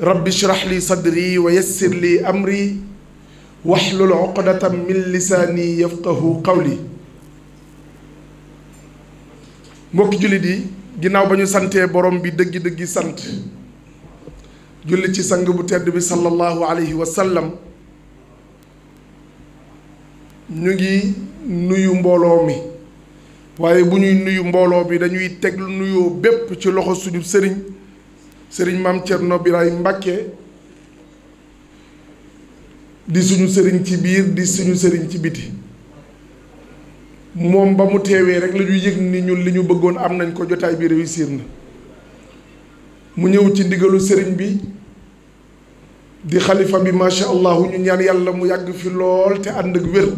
rabbi shrah li sadri wa yassir li amri waxlul uqdatam min lisaani yafqahu qawli mbokki jullit yi ginnaaw ba ñu santee borom bi dëggi dëggi sant julli ci sang bu tedd bi sallallahu alayhi wa sallam ñu ngi nuyu mbooloo mi waaye bu ñuy nuyu mbooloo bi dañuy teg nuyoo bépp ci loxo suñu sëriñ sëriñ maam Thierno Birahim Mbacke di suñu sëriñ ci biir di suñu sëriñ ci biti moom ba mu teewee rek la ñu yëg ni ñu li ñu bëggoon am nañ ko jotaay bi réussir na mu ñëw ci diggalu sëriñ bi di xalifa bi macha allah ñu ñaan yàlla mu yàgg fi lool te ànd ak wér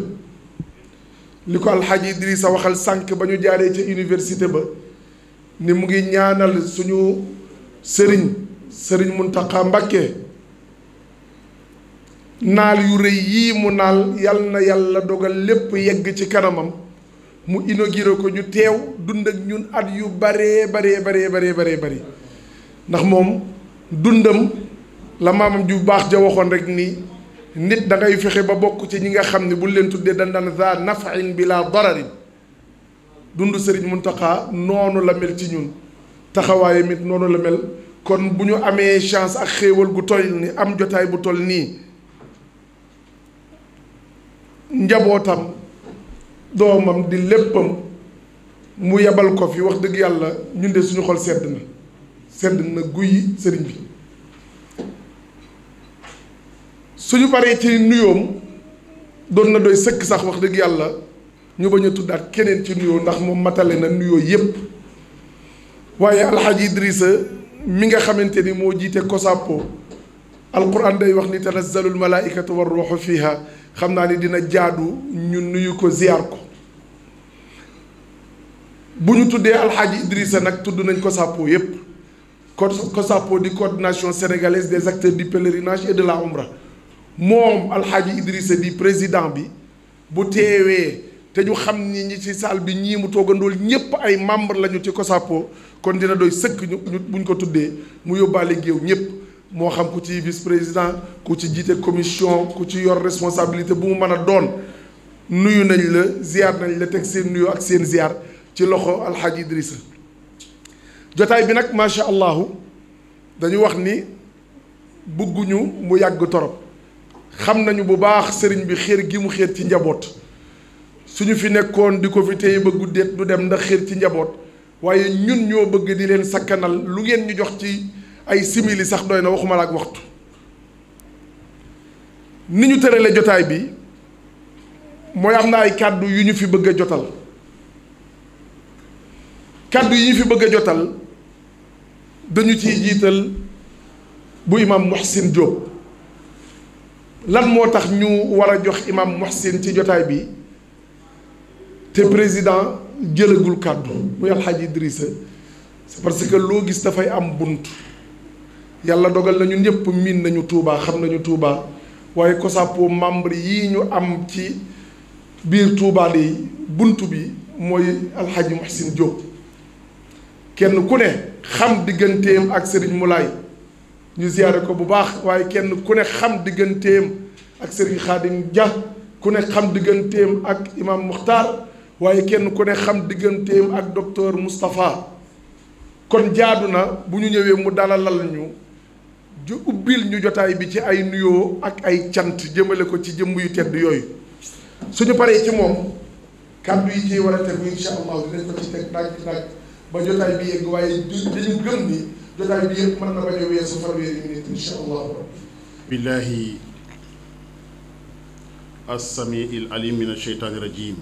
li ko alxaaji Idrissa waxal sànq ba ñu jaaree ca université ba ni mu ngi ñaanal suñu. sëriñ sëriñ Muntaxa Mbàkke naal yu rëy yii mu naal yal na yàlla dogal lépp yegg ci kanamam mu inauguré ko ñu teew dund ak ñun at yu baree baree baree baree ndax moom dundam la maamam ju baax ja waxoon rek ni nit dangay ngay fexe ba bokk ci ñi nga xam ne bu leen tuddee dan daan za nafain bi dararin dund sëriñ Muntaxa noonu la mel ci ñun taxawaayam it noonu la mel kon bu ñu amee chance ak xéewal gu toll ni am jotaay bu toll nii njabootam doomam di léppam mu yebal ko fi wax dëgg yàlla ñun de suñu xol sedd na sedd na guy sëriñ bi suñu paree ci nuyoom doon na dooy sëkk sax wax dëgg yàlla ñu bañ a tuddaat keneen ci nuyoo ndax moom matale na nuyoo yépp waaye alxaaji idrissa mi nga xamante ni moo jiite COSAPO alquran day wax ni tanazzalul malaaikatu war fii fiiha xam naa ni dina jaadu ñu nuyu ko ziyaar ko bu ñu tuddee alxaaji idrissa nag tudd nañ COSAPO yépp COSAPO di coordination sénégalaise de acteurs di pèlerinage et de la omra moom alxaaji idrissa di président bi bu teewee te ñu xam ni ñi ci salle bi ñii mu toogandool ñëpp ay membre lañu ci ko COSAPO kon dina doy sëkk ñu buñ ko tuddee mu yóbbaale géew ñëpp moo xam ku ci vice président ku ci jiite commission ku ci yor responsabilité bu mu mën a doon nuyu nañ la ziar nañ la teg seen nuyu ak seen ziar ci loxo alxaaji Idrissa jotaay bi nag macha allahu dañu wax ni bëgguñu mu yàgg torop xam nañu bu baax sëriñ bi xéer gi mu xéer ci njaboot suñu fi nekkoon di ko fi téye ba guddeet du dem ndax xir ci njaboot waaye ñun ñoo bëgg di leen sakkanal lu ngeen ñu jox ci ay simili sax doy na waxuma la ak waxtu ni ñu tërale jotaay bi mooy am na ay kàddu yu ñu fi bëgg a jotal kàddu yi ñu fi bëgg a jotal dañu ciy jiital bu imam Mouhsin Diop lan moo tax ñu war a jox imam Mouhsin ci jotaay bi te président jëlagul kàddu muy alxaaji Idrissa c'est parce que loo gis dafay am bunt yàlla dogal na ñun ñëpp miin nañu Touba xam nañu Touba waaye COSAPO membre yi ñu am ci biir Touba de bunt bi mooy alxaaji Muhsin Diop kenn ku ne xam digganteem ak Serigne Moulay ñu ziyaare ko bu baax waaye kenn ku ne xam digganteem ak Serigne Khadim Dia ku ne xam digganteem ak Imam Mukhtar waaye kenn ku ne xam digganteem ak docteur Moustapha kon jaadu na bu ñu ñëwee mu dalalal ñu ju ubbil ñu jotaay bi ci ay nuyoo ak ay cant jëmale ko ci jëmm yu tedd yooyu suñu paree ci moom kàddu yi ci war a tegu insha allah dinañ ko ci teg nag nag ba jotaay bi yegg waaye dañu gëm ni jotaay bi yëpp mën na bañ a weesu fanweeri minute insha allah billahi as-sami'il alim min ash-shaytan rajim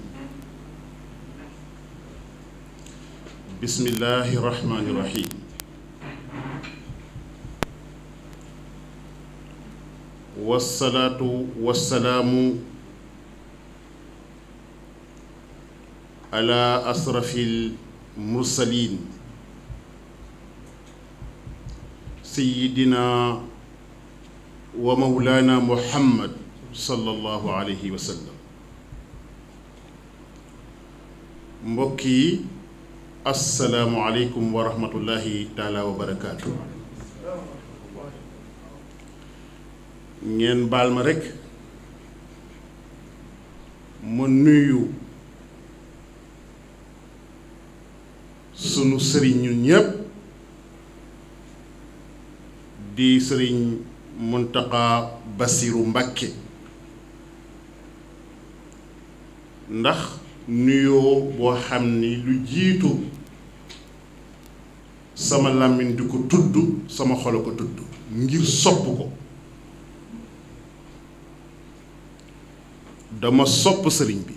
bismillahi rahmaani rahim wasalaatu wasalaamu ala asrafil mursalin sayidina wa mawlana muhammad sallallahu alayhi wa sallam mbokk yi asalaamualeykum wa rahmatullahi taala wa barakaatu ngeen baal ma rekk ma nuyu sunu sëriñ ñun ñépp di sëriñ Muntaqa Basiru Mbàkke ndax nuyoo boo xam ne lu jiitu sama làmmiñ di ko tudd sama xol ko tudd ngir sopp ko dama sopp sëriñ bi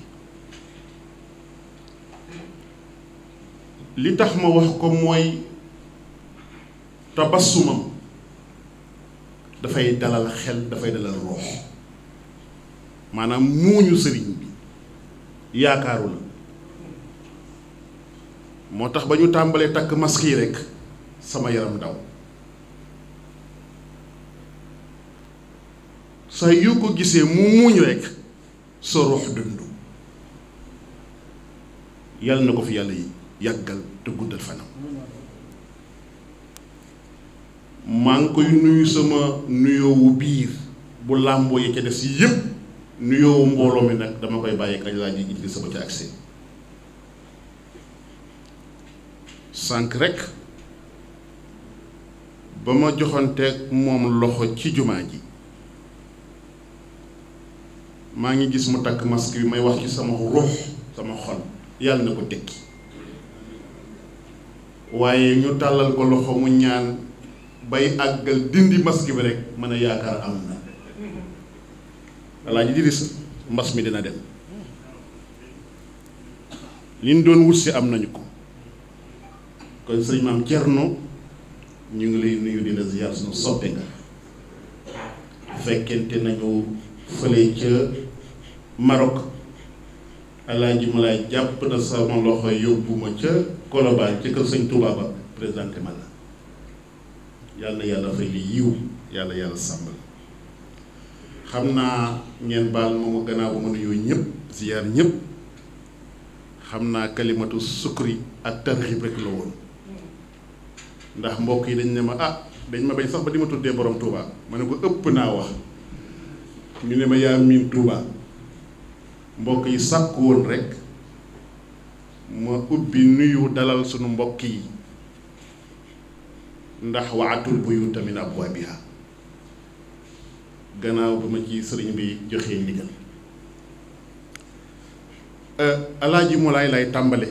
li tax ma wax ko mooy tabassumam dafay dalal xel dafay dalal roox maanaam muuñu sëriñ bi yaakaaru moo tax ba ñu tàmbalee takk masque rekk sama yaram daw saa yu ko gisee mu muuñ rek sa ruux dund yàlla na ko fi yàlla yàggal te guddal fanam maa ngi koy nuyu sama nuyoowu biir bu làmboo yi ca si yépp nuyoo mbooloo mi nag dama koy bàyyi kañ laa ji Idrissa ba ci agsi sànq rekk ba ma joxanteeg moom loxo ci jumaa ji maa ngi gis mu takk masque bi may wax ci sama ruux sama xol yàlla na ko tekki waaye ñu tàllal ko loxo mu ñaan bay àggal dindi masque bi rek mën a yaakaar am na Alaaji Idrissa mbas mi dina dem li ñu doon wut si am nañu ko kon sëñ maam Thierno ñu ngi lay nuyu di la ziar sunu nga fekkente nañu fële ca marok Alaaji mu lay jàpp na sama loxo yóbbu ca Colobane ca kër sëñ Touba ba présentement la yàlla yàlla fay yiw yàlla yàlla sàmbal xam naa ngeen baal moom gannaaw ba mënuyoo ñëpp ziyaar ñëpp xam naa kalimatu sukri ak tarxib rek la woon ndax mbokk yi dañ ne ma ah dañ ma bañ sax ba di ma tuddee borom Touba ma ne ko ëpp naa wax ñu ne ma yaa miin Touba mbokk yi sàkk woon rek ma ubbi nuyu dalal sunu mbokk yi ndax waatul buyuta min abwaabiha gannaaw ba ma ci sëriñ bi joxee yu euh, alaaji Mulaay lay tàmbale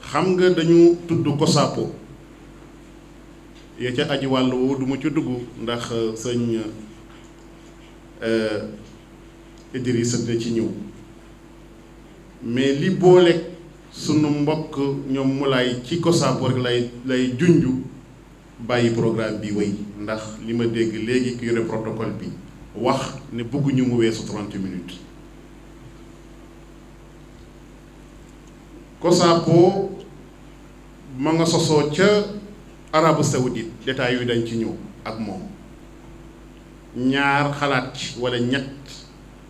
xam nga dañu tudd COSAPO ya ca aji wàll woowu du ma ci dugg ndax euh, sëñ euh, Idrissa da ci ñëw mais li boole sunu mbokk ñoom Mulaay ci COSAPO rek lay lay junju bàyyi programme bi wéy ndax li ma dégg léegi ki yore protocole bi wax ne bëgguñu mu weesu 30 minutes COSAPO ma nga sosoo ca Arabie Saoudite détails yu dañ ci ñëw ak moom ñaar xalaat ci walla ñett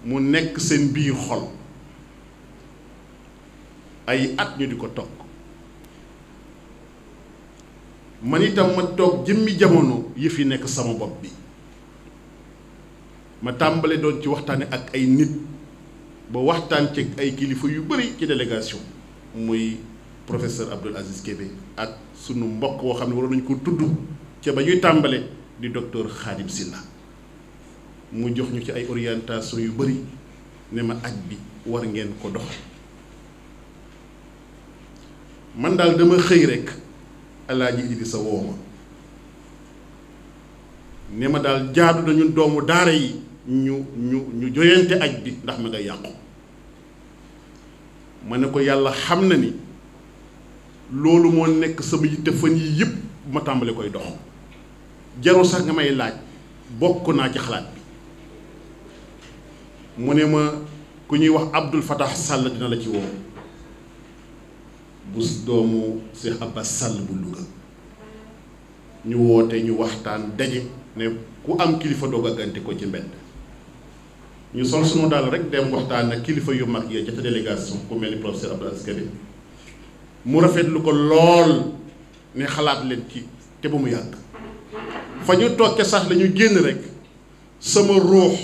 mu nekk seen biir xol ay at ñu di ko topp man itam ma toog jëmmi jamono yi fi nekk sama bopp bi ma tàmbale doon ci waxtaane ak ay nit ba waxtaan ci ay kilifa yu bari ci délégation muy professeur Abdoul Aziz Kébé ak sunu mbokk woo xam ne waroon nañu ko tudd ca ba ñuy tàmbale di docteur Khadim Silla mu jox ñu ci ay orientation yu bari ne ma aj bi war ngeen ko dox man daal dama xëy rekk alaaji Idrissa woo ma ne ma daal jaadu dañu doomu daara yi ñu ñu ñu joyante aj bi ndax mi nga yàqu ma ne ko yàlla xam na ni loolu moo nekk sama yitte fan yii yépp ma tàmbali koy dox jarul sax nga may laaj bokk naa ci xalaat bi mu ne ma ku ñuy wax Abdul Fatah sàll dina la ci woo bu doomu Cheikh Abbas Sall bu Louga ñu woote ñu waxtaan daje ne ku am kilifa doog a ko ci mbedd ñu sol sunu daal rek dem waxtaan ak kilifa yu mag yi ca délégation ku mel ni professeur Abdou Aziz Karim mu rafetlu ko lool ne xalaat leen ci te ba mu yàgg fa ñu toog sax la ñu génn rek sama ruux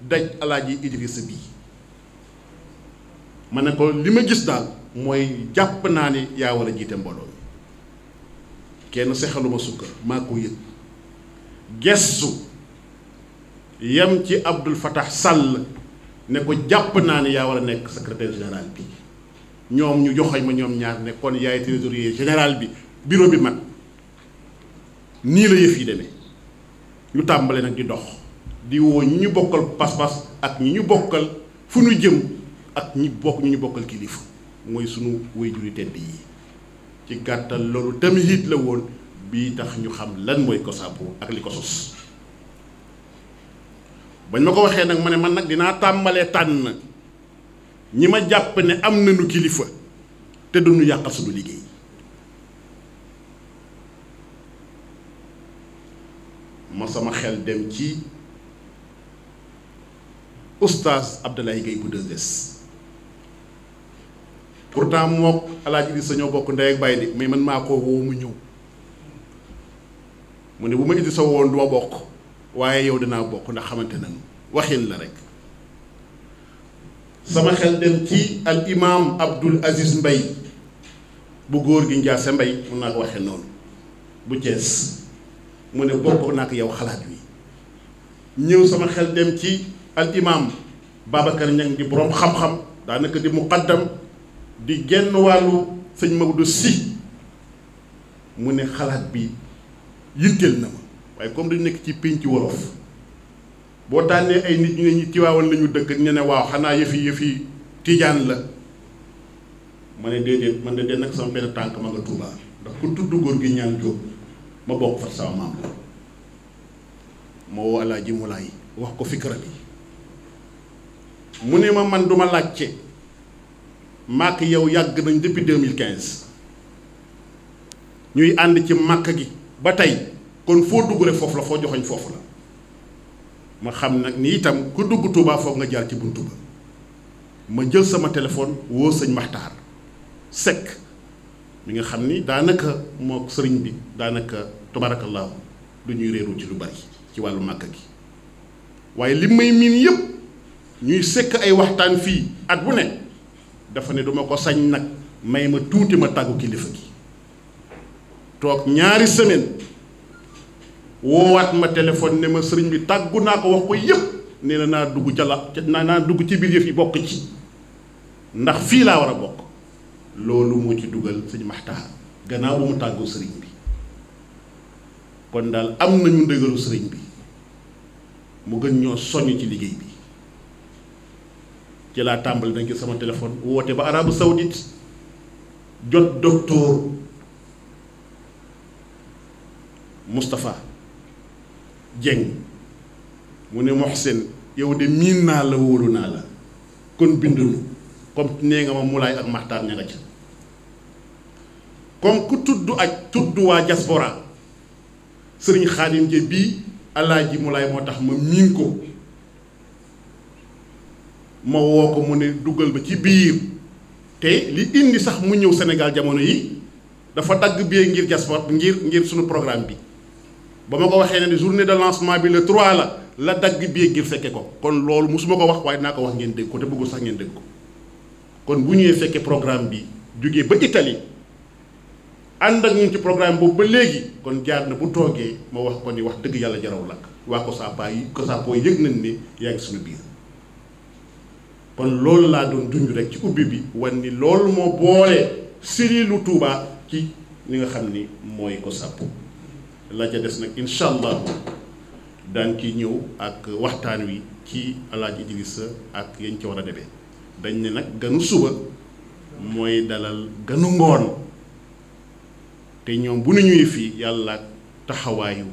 daj alaaji Idrissa bii ma ne ko li ma gis daal. mooy jàpp naa ni yaa walla a jiite mbooloo mi kenn sexaluma sukkar maa ko yëg gestu yem ci Abdul Fattah sàll ne ko jàpp naa ne yaa walla nekk secretaire général bi ñoom ñu joxoñ ma ñoom ñaar ne kon yaay trésorier général bi bureau bi mat nii la yëf yi ñu tàmbale nag di dox di woo ñi ñu bokkal pas-pas ak ñi ñu bokkal fu ñu jëm ak ñi bokk ñu ñu bokkal kilifa mooy sunu waajuri tedd yi ci gàttal loolu tamit la woon bii tax ñu xam lan mooy COSAPRO ak li ko sos bañ ma ko waxee nag ma ne man nag dinaa tàmbalee tànn ñi ma jàpp ne am nañu kilifa te duñu yàqal suñu liggéey ma sama xel dem ci oustaz Abdoulaye Gueye bu 2S pourtant mook alaaji Idrissa ñoo bokk ndey ak baay di mais man maa ko woo mu ñëw mu ne bu ma Idrissa woon du ma bokk waaye yow danaa bokk ndax xamante nañu waxin la rek sama xel dem ci al imaam Abdul Aziz Mbay bu góor gi Njaase Mbay mun naa ko waxee noonu bu Cees mu ne bokk naa ko yow xalaat wi ñëw sama xel dem ci al imaam Babacar Ñang di boroom xam-xam daanaka di muqaddam di genn wàllu sëñ Maodo si mu ne xalaat bi yitteel na ma waaye comme dañ nekk ci pénc wolof boo tànnee ay nit ñu ne ñu tiwaawan la dëkk ñu ne waaw xanaa yëfi yëfi tiijaan la ma ne déedéet man de den nag sama benn tànk ma nga Touba ndax ku tudd góor gi ñaan jóob ma bokk fa sama maam la ma woo Alaaji Mulaay wax ko fikra bi mu ne ma man duma laajte màkk yow yàgg nañ depuis 2015 ñuy ànd ci màkk gi ba tey kon foo dugg foofu la foo joxoñ foofu la ma xam nag ni itam ku dugg Touba foofu nga jaar ci buntu ba ma jël sama téléphone woo sëñ Maxtaar Seck mi nga xam ni daanaka moo sëriñ bi daanaka tabarakallahu du ñuy réeru ci lu bari ci wàllu màkk gi waaye li may miin yëpp ñuy sekk ay waxtaan fii at bu ne dafa ne duma ko sañ nag may ma tuuti ma tàggu kilifa gi toog ñaari semaine woowaat ma téléphone ne ma sëriñ bi tàggu naa ko wax ko yépp ne na naa dugg ca la naa naa dugg ci biir yëf yi bokk ci ndax fii laa war a bokk loolu moo ci dugal sëñ Maxtaar gannaaw bu mu tàggu sëriñ bi kon daal am ñu ndëgalu sëriñ bi mu gën ñoo soññ ci liggéey bi ci tàmbali nag ci sama téléphone woote ba arabu saoudite jot docteur mustafa Dieng mu ne Mohsen yow de miin naa la wóolu naa la kon bindunu comme nee nga ma Moulay ak Maxtaar ña nga ca comme ku tudd ak tudd waa diaspora sëriñ Xaadim je bii alaaji Moulay moo tax ma miin ko ma woo ko mu ne dugal ba ci biir te li indi sax mu ñëw senegal jamono yi dafa dagg bee ngir diaspora ngir ngir suñu programme bi ba ma ko waxee ne journée de lancement bi la 3 la la dagg bee ngir fekke ko kon loolu mosuma ko wax waaye naa ko wax ngeen dégg ko te bëggul sax ngeen dégg ko kon bu ñëwee fekkee programme bi jógee ba Italie ànd ak ñun ci programme boobu ba léegi kon jaar na bu toogee ma wax ko ni wax dëgg yàlla jaraw lakk waa ko yi ko saa poo yëg nañ ni suñu biir kon loolu laa doon junj rek ci ubbi bi wan ni loolu moo boole sirilu Touba ci li nga xam ni mooy ko sàpp la ca des nag incha allah daan ci ñëw ak waxtaan wi ci alaaj Idrissa ak yañ ci war a demee dañ ne nag ganu suba mooy dalal gënu ngoon te ñoom bu nu ñuy fii yàlla taxawaayu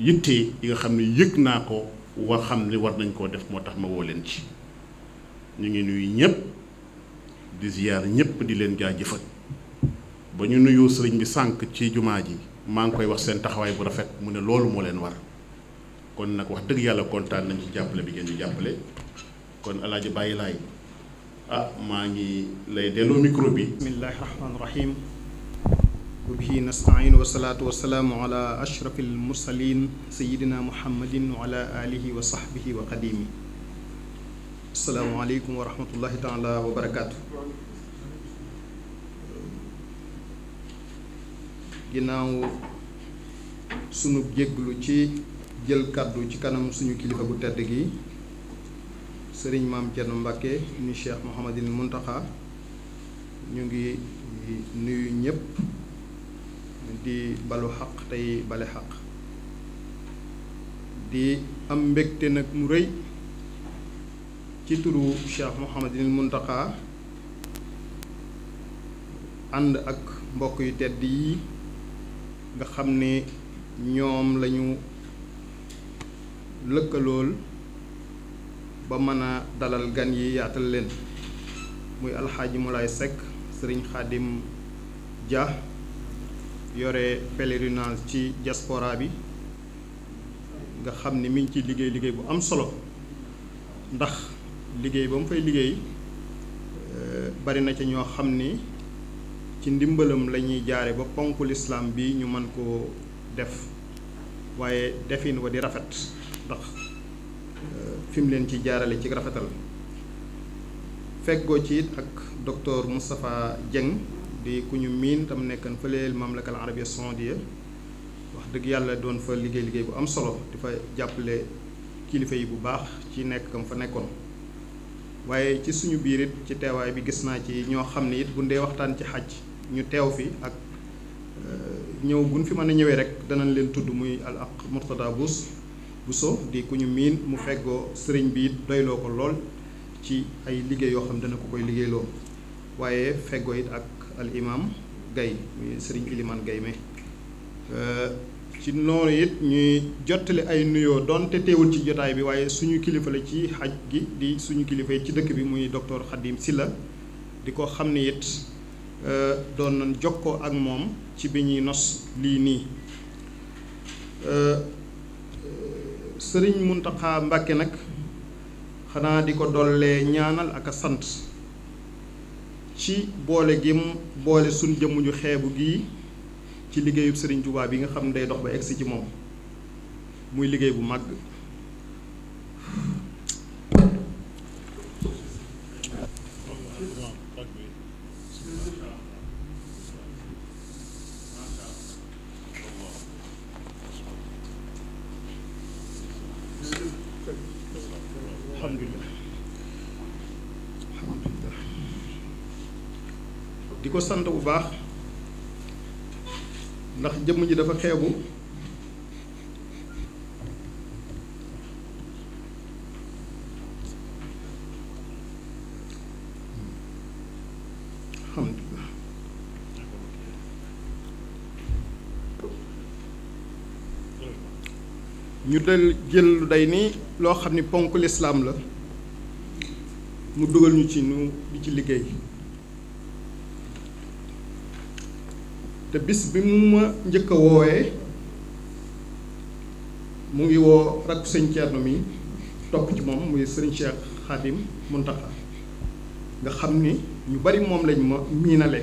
yitte yi nga xam ne yëg naa ko war xam ne war nañ koo def moo tax ma woo leen ci ñu ngi nuyu ñëpp di ziyaar ñëpp di leen jaajëfal ba ñu nuyoo sëriñ bi sànq ci jumaa ji maa ngi koy wax seen taxawaay bu rafet mu ne loolu moo leen war kon nag wax dëgg yàlla kontaan nañ ci jàppale bi ngeen di jàppale kon alaaji bàyyi laay ah maa ngi lay delloo micro bi bismillahi rahmaani rahim wa bihi nastain wasalaatu wasalaamu ala ashraf almursalin sayidina muhammadin wa ala alihi wa sahbihi wa qadimi asalaamaaleykum wa rahmatullahi taala wa barakaatu ginnaaw sunu jégglu ci jël kàddu ci kanam suñu kilifa bu tedd gi sëriñ maam Thierno Mbacke ni cheikh Mouhamadine muntaxa ñu ngi nuyu ñëpp di balu xaq tey bale xaq di am mbégte nag mu rëy ci turu Cheikh Mouhamadinil Muntaqa ànd ak mbokk yu tedd yi nga xam ni ñoom lañu lëkkalool ba mën a dalal gan yi yaatal leen muy alxaaji Moulay Seck sëriñ Xaadim Dia yore pèlerinage ci diaspora bi nga xam ni mi ngi ciy liggéey liggéey bu am solo ndax liggéey ba mu fay liggéey euh, bari na ci ñoo xam ni ci ndimbalam lañuy jaare ba ponk lislaam bi ñu mën koo def waaye defin wa di rafet ndax euh, fi mu leen ci jaarale ci rafetal feggoo ci it ak docteur Moustapha Dieng di ku ñu miin tam nekkan fële mamlakal arabia saoudia wax dëgg yàlla doon fa liggéey liggéey bu am solo di fa jàppale kilifa yi bu baax ci nekk fa nekkoon waaye ci suñu biir it ci teewaay bi gis naa ci ñoo xam ne yit bu dee waxtaan ci xaj ñu teew fi ak euh, ñëw buñ fi mën a ñëwee rek danañ leen tudd muy al ak Murtada Bousso Bousso di ku ñu miin mu fegoo sëriñ bi it doyloo ko lool ci ay liggéey yoo xam dana ko koy liggéeyloo waaye fegoo it ak al imam Gaye muy sëriñ Iliman Gaye euh, ci noonu it ñuy jottali ay nuyoo donte teewul ci jotaay bi waaye suñu kilifa la ci xaj gi di suñu kilifa yi ci dëkk bi muy docteur Khadim Sylla di ko xam ne it euh, doon nañ jokkoo ak moom ci bi ñuy nos lii nii euh, sëriñ Mountakha Mbacké nag xanaa di ko dollee ñaanal ak a sant ci boole gi boole suñ jëmm ju xeebu gii ci liggéeyub Serigne Touba bi nga xam ne dox ba egsi ci moom muy liggéey bu mag di ko sant bu baax ndax jëmm ji dafa xeebu alhamdulilah ñu del jël lu day ni loo xam ni ponk lislaam la mu dugal ñu ci ñu di ci liggéey te bis bi mu ma njëkk a woowee mu ngi woo rakku sëñ Thierno mi topp ci moom muy sëriñ Cheikh Khadim Mountakha nga xam ni ñu bari moom lañ ma miinale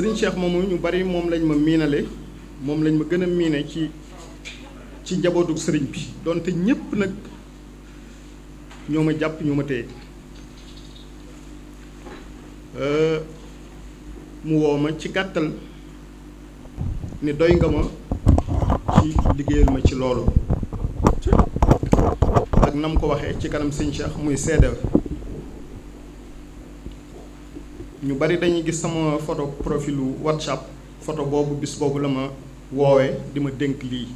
Serigne Cheikh moomu ñu bari moom lañ ma miinale moom lañ ma gën a miine ci ci sëriñ bi donte ñépp nag ñoo ma jàpp ñoo ma téye euh, mu woo ma ci gàttal ni doy nga ma ci liggéeyal ma ci loolu ak nam ko waxee ci kanam Serigne Cheikh muy seede ñu bari dañuy gis sama photo profilu WhatsApp photo boobu bis boobu la ma woowee di ma dénk lii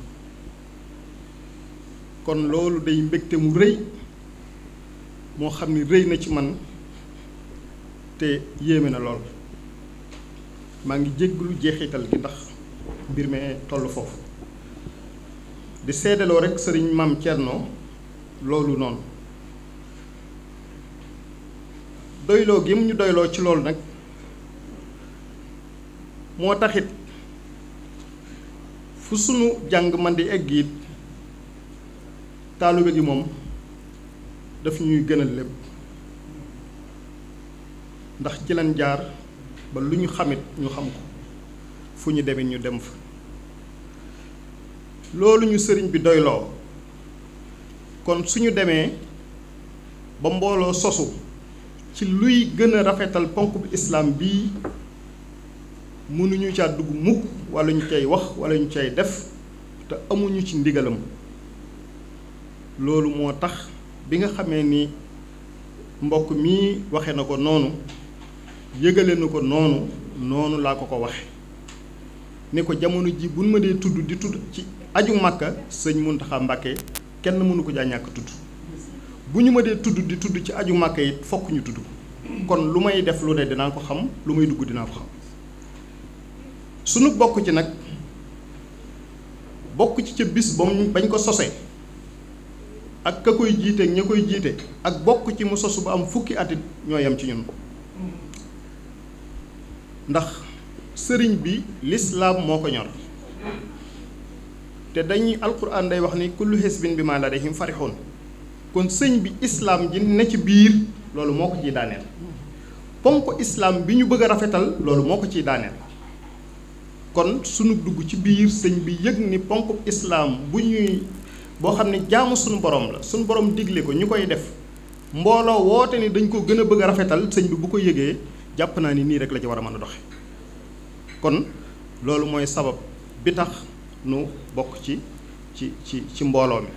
kon loolu day mbégte mu rëy moo xam ni rëy na ci man te yéeme na lool maa ngi jégglu jeexital gi ndax mbir mi toll foofu di seedaloo rekk sëriñ maam Thierno loolu noonu doyloo gi mu ñu doyloo ci loolu nag moo taxit fu sunu jàng man di egg it taalibe gi moom daf ñuy gënal lépp ndax ci lañ jaar ba lu ñu xamit ñu xam ko fu ñu demit ñu dem fa loolu ñu sëriñ bi doyloo kon suñu demee ba mbooloo sosu ci luy gën a rafetal ponk bu islaam bii mënuñu caa dugg mukk wala ñu cay wax wala ñu cay def te amuñu ci ndigalam loolu moo tax bi nga xamee ni mbokk mi waxe na ko noonu yëgale na ko noonu noonu laa ko ko waxe ne ko jamono ji buñ ma dee tudd di tudd ci aju màkka sëñ Muntaxa Mbàkke kenn mënu ko jaa ñàkk tudd bu ñu ma dee tudd di tudd ci aju màkk yi fokk ñu tudd kon lu may def lu ne dinaa ko xam lu may dugg dinaa ko xam sunu bokk ci nag bokk ci ca bis ba mu bañ ko sosee ak ka koy jiite ña koy jiite ak bokk ci mu sosu ba am fukki atit ñoo yem ci ñun ndax sëriñ bi lislaam moo ko ñor te dañuy alquran day wax ni kullu xisbin bi ma ladayhim farixoon kon sëñ bi islaam ji ne ci biir loolu moo ko ciy daaneel ponk islaam bi ñu bëgg a rafetal loolu moo ko ciy daaneel kon sunu dugg ci biir sëñ bi yëg ni ponk islaam bu boo xam ne jaamu suñu borom la suñu borom digle ko ñu koy def mbooloo woote ni dañ ko gën a bëgg a rafetal sëñ bi bu ko yëgee jàpp naa ni nii rek la ci war a mën a doxe kon loolu mooy sabab bi tax nu bokk ci ci ci ci mbooloo mi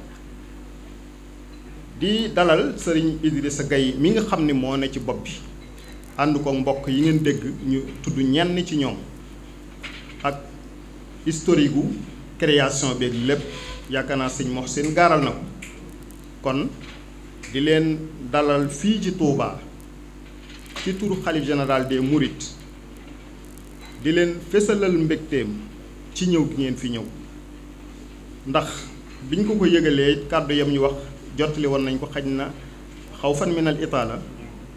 di dalal sëriñ sa Gueye mi nga xam ni moo ne ci bopp bi ànd ko mbokk yi ngeen dégg ñu tudd ñenn ci ñoom ak historique gu création beeg lépp yaakaar naa sëñ Mohsin gaaral na ko kon di leen dalal fii ci Touba ci turu xalif général des murit di leen fésalal mbégteem ci ñëw gi ngeen fi ñëw ndax biñ ko ko yëgalee kàddu yam ñu wax jottali woon nañ ko xaj na xaw fan min al itaala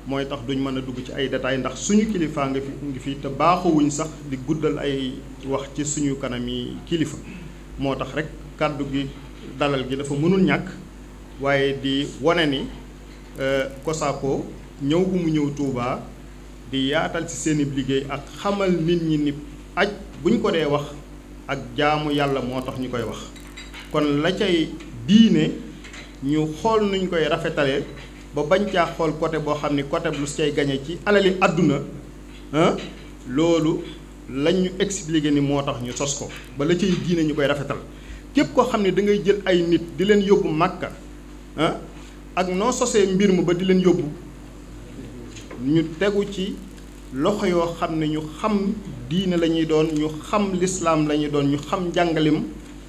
mooy tax duñ mën a dugg ci ay détails ndax suñu kilifaa nga fi ngi fi te baaxuwuñ sax di guddal ay wax ci suñu kanam yi kilifa moo tax rek kàddu gi dalal gi dafa mënul ñàkk waaye di wane ni COSACO euh, ñëw bu mu ñëw tuuba di yaatal ci seen i liggéey ak xamal nit ñi nit aj buñ ko dee wax ak jaamu yàlla moo tax ñu koy wax kon la cay diine ñu xool nañu koy rafetalee ba bañ xool côté boo xam ni côté lu cay gañe ci alali àdduna loolu lañ ñu expliqué ni moo tax ñu sos ko ba la cay diine ñu koy rafetal képp koo xam ne da ngay jël ay nit di leen yóbbu màkka ak noo sosee mbir mu ba di leen yóbbu ñu tegu ci loxo yoo xam ne ñu xam diine la ñuy doon ñu xam lislaam lañuy doon ñu xam njàngalim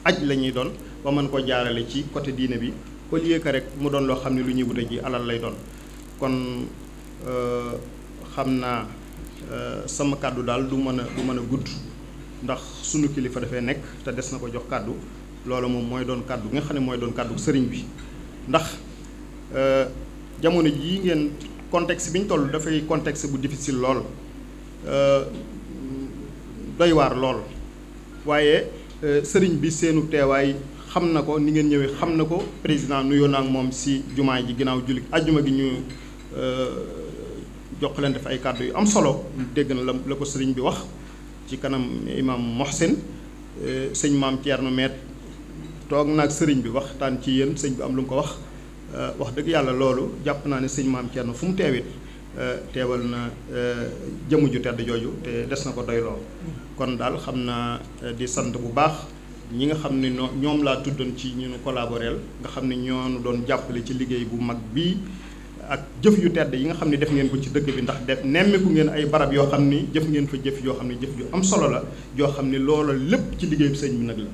aj la ñuy doon ba mën ko jaarale ci côté diine bi au lieu que rek mu doon loo xam ne lu ñuy wute ji alal lay doon kon euh, xam naa euh, sama kàddu daal du mën a du mën a gudd ndax sunu kilifa dafay nekk te des na ko jox kàddu loolu moom mooy doon kàddu nga xam ne mooy doon kàddu sëriñ bi ndax euh, jamono jii ngeen contexte bi ñu toll dafay contexte bu difficile lool doy waar lool waaye sëriñ bi seenu teewaay xam na ko ni ngeen ñëwee xam na ko président nuyoo naa ak moom si jumaa ji ginnaaw jullit ajjuma gi ñu euh, jox leen def ay kàddu yu am solo dégg na la ko sëriñ bi wax ci kanam imaam Mohsin euh, sëñ maam Thierno Met toog naag sëriñ bi waxtaan ci yéen sëñ bi am lu mu ko wax euh, wax dëgg yàlla loolu jàpp naa ne sëñ maam Thierno fu mu teewit teewal na jëmu ju tedd jooju te des na ko doyloo kon daal xam naa di sant bu baax. ñi nga xam ne noo ñoom laa tuddoon ci ñu nu collaborel nga xam ne ñoonu doon jàppale ci liggéey bu mag bii ak jëf yu tedd yi nga xam ne def ngeen ko ci dëkk bi ndax def nemmeeku ngeen ay barab yoo xam ni jëf ngeen fa jëf yoo xam ne jëf yu am solo la yoo xam ne loola lépp ci liggéeyu sëñ bi nag la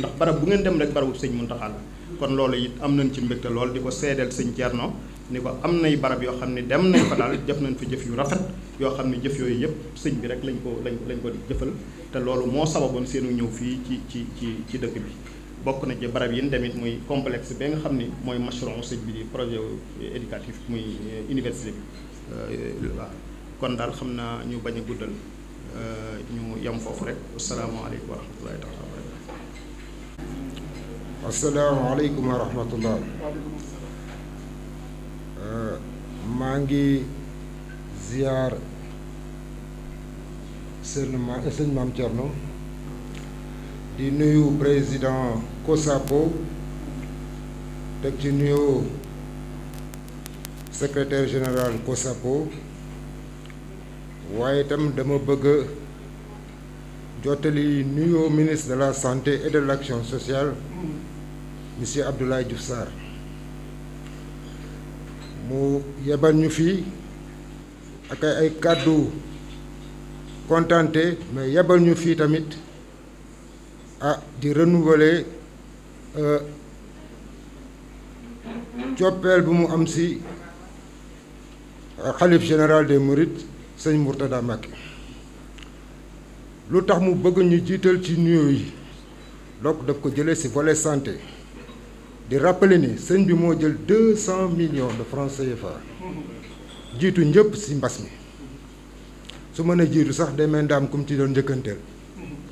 ndax barab bu ngeen dem rek barabu sëñ Muntaxa la kon loolu it am nañ ci mbégte lool di ko seedeel sëñ Thierno ni ko am nay barab yoo xam ne dem nañ fa daal jëf nañ fa jëf yu rafet yoo xam ne jëf yooyu yëpp sëñ bi rek lañ ko lañ lañ ko di jëfal te loolu moo sababoon seenu ñëw fii ci ci ci ci dëkk bi bokk na ci barab yi demit muy complexe bi nga xam ni mooy mashron sëñ bi di projet éducatif muy université bi euh, waaw kon daal xam naa ñu bañ a guddal euh, ñu yem foofu rek asalaamaaleykum wa rahmatullahi taala wa barakatu maa ngi ziar seen ma sëñ maam Thierno di nuyu président COSAPO teg ci nuyu secrétaire général kosapo waaye itam dama bëgg jottali nuyu ministre de la santé et de l'action sociale monsieur Abdoulaye Diouf Sarr mu yebal ñu fii ak ay kàddu kontante mais yebal ñu fii tamit ah di renouveler euh, coppeel bi mu am si euh, xalif général des mourides sëñ Mourtada Mbacké lu tax mu bëgg ñu jiital ci nuyoo yi donc daf ko jële si volet santé di rappeler ni sëñ bi moo jël deux cent millions de francs CFA jiitu ñëpp si mbas mi su mën a jiitu sax day mel daam comme ci doon njëkkanteel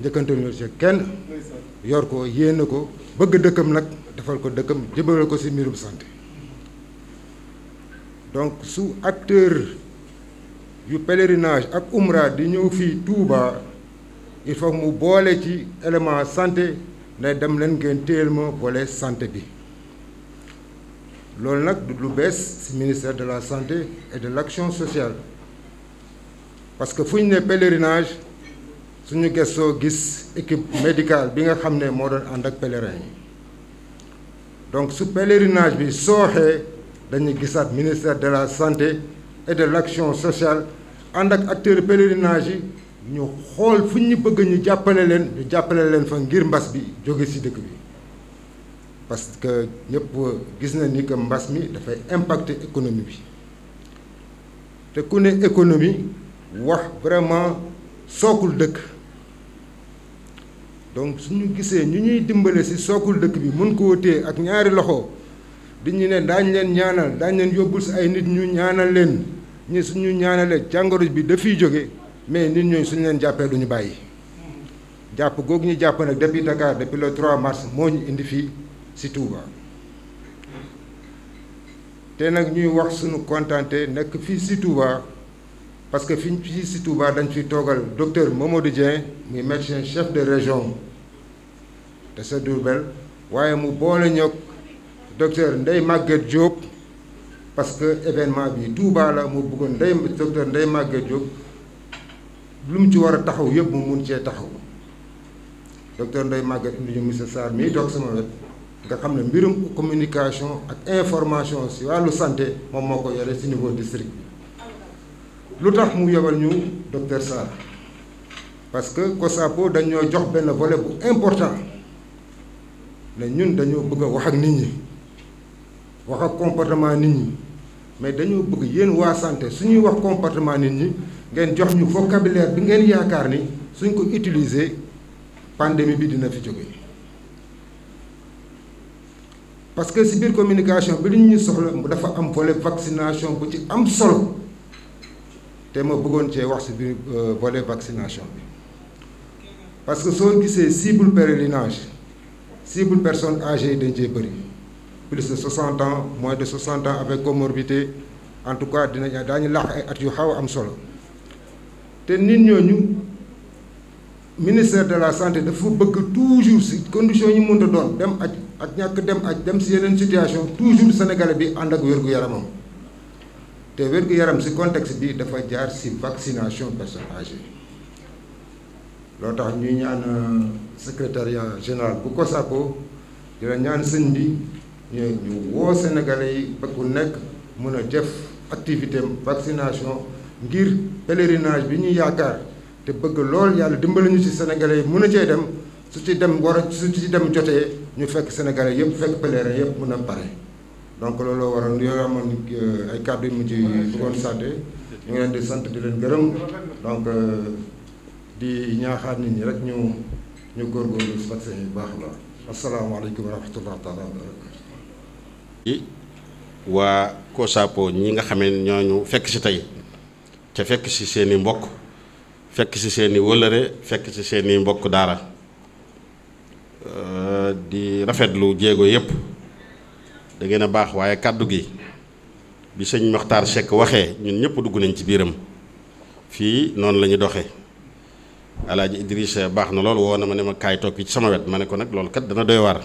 njëkkanteel ñu ci kenn yor ko yéene ko bëgg dëkkam nag defal ko dëkkam jëbale ko si mbirum santé donc su acteur yu pèlerinage ak umra di ñëw fii Touba il faut mu boole ci élément santé ne dem leen ngeen téyel ma volet santé bi loolu nag lu bees ci ministère de la santé et de l'action sociale parce que fu ñu ne pèlerinage suñu gëstoo gis équipe médicale bi nga xam ne moo doon ànd ak pèlerin yi donc su pèlerinage bi sooxee dañuy gisaat ministère de la santé et de l'action sociale ànd ak acteur pèlerinage yi ñu xool fu ñu bëgg ñu jàppale leen ñu jàppale leen fa ngir mbas bi jóge ci dëkk bi. parce que ñëpp gis na ni que mbas mi dafay impacter économie bi te ku ne économie wax vraiment sookul dëkk donc suñu gisee ñu ñuy dimbale si sookul dëkk bi mën koo téye ak ñaari loxo di ñu ne daañ leen ñaanal daañ leen yóbbul si ay nit ñu ñaanal leen ñi suñu ñaanalee jàngoro bi dafiy jóge mais nit ñooñu suñu leen jàppee duñu bàyyi jàpp googu ñu jàpp nag depuis Dakar depuis le 3 mars moo ñu indi fii ci Touba te nag ñuy wax sunu kontante nekk fii ci Touba parce que fiñ fii ci Touba dañ fi toogal docteur Mamadou Dieng muy médecin chef de région te sa Diourbel waaye mu boole ñoog docteur Ndeye Maguette Diop parce que événement bi Touba la mu bëggoon Ndeye docteur Ndeye Maguette Diop lu mu ci war a taxaw yëpp mu mun cee taxaw docteur Ndeye Maguette indi mu sa Sarr mii toog sama wet nga xam ne mbirum communication ak information si wàllu santé moom moo ko yore si niveau district lu tax mu yebal ñu docteur Sarr parce que COSAPO dañoo jox benn volet bu important ne ñun dañoo bëgg wax ak nit ñi wax ak comportement nit ñi mais dañoo bëgg yéen waa santé suñuy wax comportement nit ñi ngeen jox ñu vocabulaire bi ngeen yaakaar ni suñ ko utiliser pandémie bi dina fi jóge parce que si biir communication bi ñu soxla dafa am volet vaccination bu ci am solo te ma bëggoon cee wax si biir euh, volet vaccination bi parce que soo gisee cible pèlerinage cible personne âgées yi dañ cee bëri plus de 60 ans mois de 60 ans avec comorbidité en tout cas dinañ daañu laax ay at yu xaw a am solo te nit ñooñu. ministère de la santé dafa bëgg toujours si condition yi mënta doon dem aj ak ñàkk dem ak dem si yeneen situation toujours sénégalais bi ànd ak wér-gu-yaramam te wér yaram si contexte bi dafa jaar si vaccination personnes loo tax ñuy ñaan euh, secrétariat général bu ko di la ñaan sëñ bi ñu woo sénégalais yi ba ku nekk mën a def activité vaccination ngir pèlerinage bi ñuy yaakaar te bëgg lool yàlla dimbali ñu si sénégalais yi mun a cee dem. su ci dem war su ci dem jotee ñu fekk sénégalais yëpp fekk pèlerin yëpp mën a pare donc loolu waroon yoo amoon euh, ay kàddu yu mujj bëggoon sàtte ñu ngi leen di sant di leen gërëm donc euh, di ñaaxaat nit ñi rek ñu ñu góorgóorlu vaccin yi baax la asalaamaaleykum wa rahmatullah taala wa ñi nga xamee ñooñu fekk si tey ca fekk si seen i mbokk fekk si seen i wëlëre fekk si seen i mbokk daara Euh, di rafetlu jéego yépp dangeen a baax waaye kàddu gi bi sëñ Moxtaar Seck waxee ñun ñëpp dugg nañ ci biiram fii noonu lañu ñu doxee Alaaji Idrissa baax na lool woo na ma ne ma kaay toog ci sama wet ma ne ko nag loolu kat dana doy war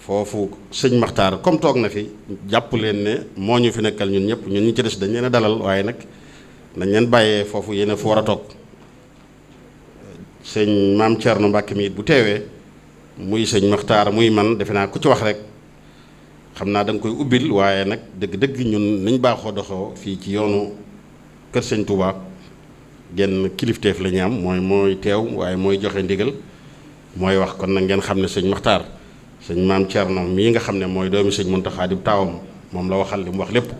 foofu sëñ Moxtaar comme toog na fi jàpp leen ne moo ñu fi nekkal ñun ñëpp ñun ñu ci des dañ leen a dalal waaye nag dañ leen bàyyee foofu yéen a fu war a toog sëñ maam nu Mbacke mi it bu teewee. muy sëñ Maxtaar muy man defe naa ku ci wax rek xam naa danga koy ubbil waaye nag dëgg-dëgg ñun niñ baaxoo doxoo fii ci yoonu kër sëñ Touba genn kilifteef la am mooy mooy teew waaye mooy joxe ndigal mooy wax kon nag ngeen xam ne sëñ Maxtaar sëñ maam Thierno mii nga xam ne mooy doomi sëñ Muntaxa di taawam moom la waxal li mu wax lépp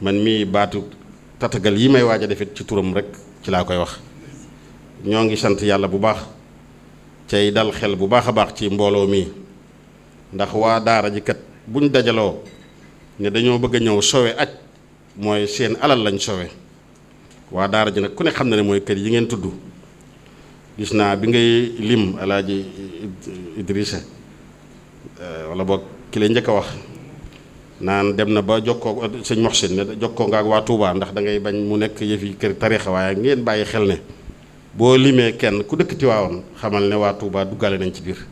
man mii baatu tatagal yi may waaja a ci turam rekk ci laa koy wax ñoo ngi sant yàlla bu baax. cay dal xel bu baax a baax ci mbooloo mi ndax waa daara ji kat buñ dajaloo ne dañoo bëgg a ñëw sowe aj mooy seen alal lañ sowe waa daara ji nag ku ne xam na ne mooy kër yi ngeen tudd gis naa bi ngay lim alaaji Idrissa euh, wala boog ki lay njëkk a wax naan dem na ba jokkoo sëñ Moxsin ne jokkoo nga ak waa Touba ndax da bañ mu nekk yi kër tariixa waaye ngeen bàyyi xel ne boo limee kenn ku dëkk Tiwaawan xamal ne waa Touba duggale nañ ci biir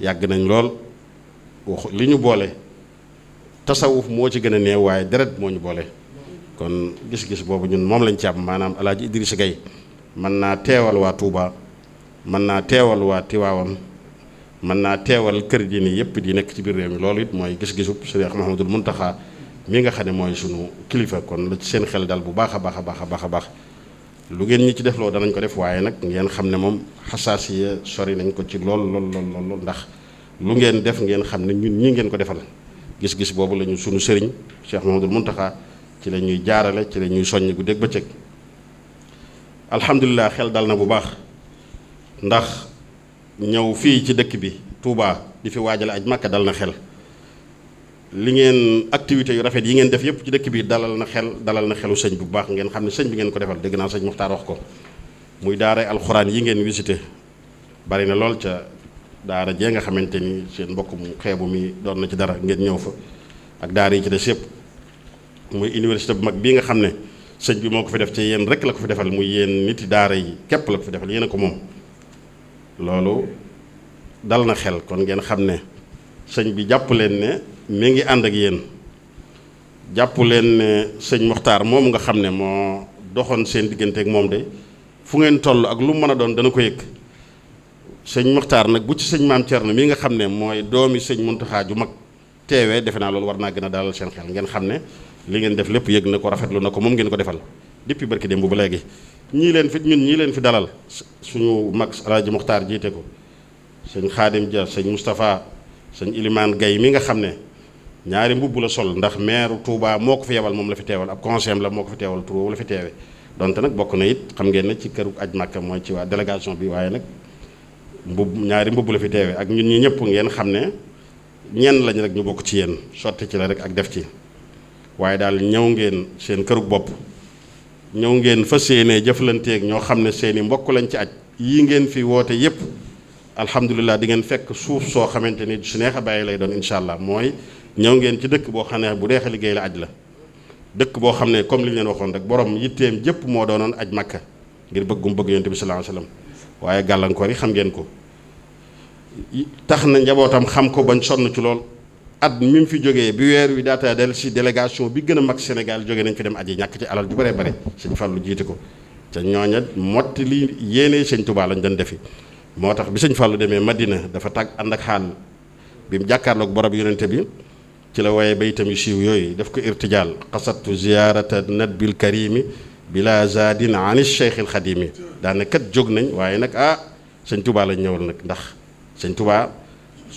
yàgg nañ lool li ñu boole tasawuf moo ci gën a néew waaye deret moo ñu boole kon gis-gis boobu ñun moom lañ ci am maanaam El Hadj Idrissa Gueye mën naa teewal waa Touba mën naa teewal waa Tiwaawan mën naa teewal kër diine yépp di nekk ci biir réew mi loolu it mooy gis-gisu Cheikh Mouhamadul Mountakha mi nga xam ne mooy sunu kilifa kon la ci seen xel dal bu baax a baax a baax a baax a baax. lu ngeen ñi ci defloo danañ ko def waaye nag ngeen xam ne moom xasaasiya sori nañ ko ci lool lool lool lool ndax lu ngeen def ngeen xam ne ñun ñi ngeen ko defal gis-gis boobu la ñu sunu sëriñ Cheikh Mahamadul Muntaxa ci lañuy jaarale ci la ñuy soññ guddeeg bëccëg alhamdulilah xel dal na bu baax ndax ñëw fii ci dëkk bi Touba di fi waajale aj Makka dal na xel li ngeen activité yu rafet yi ngeen def yëpp ci dëkk bi dalal na xel dalal na xelu sëñ bu baax ngeen xam ne sëñ bi ngeen ko defal dégg naa sëñ Muxtaar ko muy daara alxuraan yi ngeen visité bari na lool ca daara jee nga xamante ni seen mbokk mu xeebu mi doon na ci dara ngeen ñëw fa ak daara yi ci des yëpp muy université bu mag bii nga xam ne sëñ bi moo ko fi def ci yéen rek la ko fi defal muy yéen niti daara yi képp la ko fi defal yéen a ko moom loolu dal na xel kon ngeen xam ne sëñ bi jàpp leen ne mi ngi ànd ak yéen jàpp leen ne sëñ Moxtaar moom nga xam ne moo doxoon seen diggante ak moom de fu ngeen toll ak lu mën a doon dana ko yëg sëñ Moxtaar nag bu ci sëñ Maam Cerno mi nga xam ne mooy doomi sëñ Muntaxa ju mag teewee defe naa loolu war naa gën a dalal seen xel ngeen xam ne li ngeen def lépp yëg na ko rafetlu na ko moom ngeen ko defal depuis barki bu ba léegi ñii leen fi ñun ñii leen fi dalal suñu mag alaaji Moxtaar jiite ko sëñ Xaadim Dia sëñ Moustapha sëñ Ilimaan Gay mi nga xam ne ñaari mbubb la sol ndax maire Touba moo ko fi yebal moom la fi teewal ab conseil la moo ko fi teewal Touba donte nag bokk na it xam ngeen ne ci këru aj Màkka mooy ci waa bi waaye nag mbubb ñaari mbubb la fi teewe ak ñun ñi ñëpp ngeen xam ne ñenn lañ rek ñu bokk ci yéen sotti ci la rek ak def ci waaye daal ñëw ngeen seen këru bopp ñëw ngeen fas yéenee jëflanteeg ñoo xam ne seen i mbokk lañ ci aj yii ngeen fi woote yépp alhamdulilah di ngeen fekk suuf soo xamante ni su neex a bàyyi lay doon incha allah mooy ñëw ngeen ci dëkk boo xam ne bu deexe liggéey la aj la dëkk boo xam ne comme li ñu leen waxoon rek borom yitteem jépp moo doonoon aj makka ngir bëggum bëgg yonent bi sallallahu alayhi waaye gàllankoor yi xam ngeen ko tax na njabootam xam ko bañ sonn ci lool at mi mu fi jógee bi weer wi daata del si délégation bi gën a mag Sénégal jóge nañ fi dem aji ñàkk ci alal ju bare bare sëñ Fallu jiite ko te ñooña motti li yéene sëñ Tuubaa lañ doon defi moo tax bi sëñ Fallu demee Madina dafa tag ànd ak xaal bi mu jàkkaarloog borom yonente bi ci la waaye baytam yu siiw yooyu daf ko irtijaal xasatu ziyaarata nadbil karimi bila zaadin ani cheikh il xadimi daane kat jóg nañ waaye nag ah sëñ tubaa lañ ñëwal nag ndax sëñ tubaa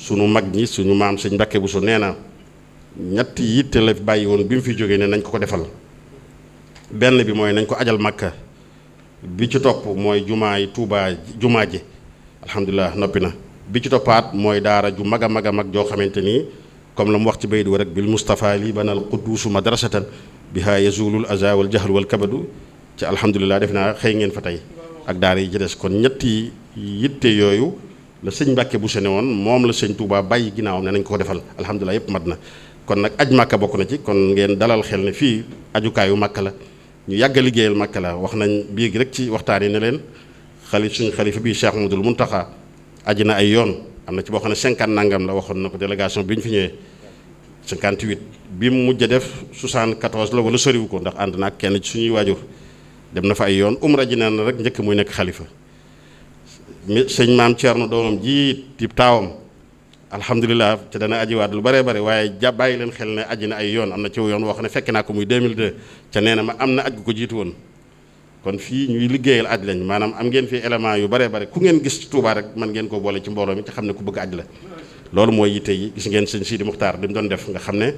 sunu mag ñi suñu maam sëñ Mbàkke bu su nee na ñett yitte la bàyyi woon bi fi jógee ne nañ ko ko defal benn bi mooy nañ ko ajal màkka bi ci topp mooy jumaay tuubaa jumaa ji alhamdulilah noppi na bi ci toppaat mooy daara ju mag a mag a mag joo xamante nii comme la mu wax ci bayit wa rek bil Mustapha li banal qudduusu madrasatan biha yazulul aza wal jahl wal kabadu ci alhamdulilah def naa xëy ngeen fa tey ak daar yi ci des kon ñetti yitte yooyu la sëñ Mbàkke bu sene woon moom la sëñ Touba bàyyi ginnaawam ne nañ ko ko defal alhamdulilah yëpp mat na kon nag aj màkka bokk na ci kon ngeen dalal xel ne fii ajukaayu màkka la ñu yàgg a liggéeyal màkka la wax nañ biig rek ci waxtaan yi ne leen xali suñ xalifa bii Cheikh Amadul Muntaxa aji na ay yoon am na ci boo xam ne cinquante nangam la waxoon na ko délégation bi ñu fi ñëwee cinquante huit bi mu mujj def soixante quatorze la wala soriwu ko ndax ànd naag kenn ci suñuy waajur dem na fa ay yoon umra ji nee na rek njëkk muy nekk xalifa sëñ maam na doomam ji di taawam alhamdulilah te dana ajiwaat lu bare bare waaye ja bàyyi leen xel ne aji na ay yoon am na ci yoon woo xam ne fekk naa ko muy 2002 ca nee na ma am na aj gu ko jiitu woon. kon fii ñuy liggéeyal aj lañ maanaam am ngeen fi élément yu bare bare ku ngeen gis ci rek mën ngeen ko boole ci mbooloo mi ci xam ne ku bëgg aj la loolu mooy yitte yi gis ngeen sëñ Sidi Muxtaar li mu doon def nga xam ne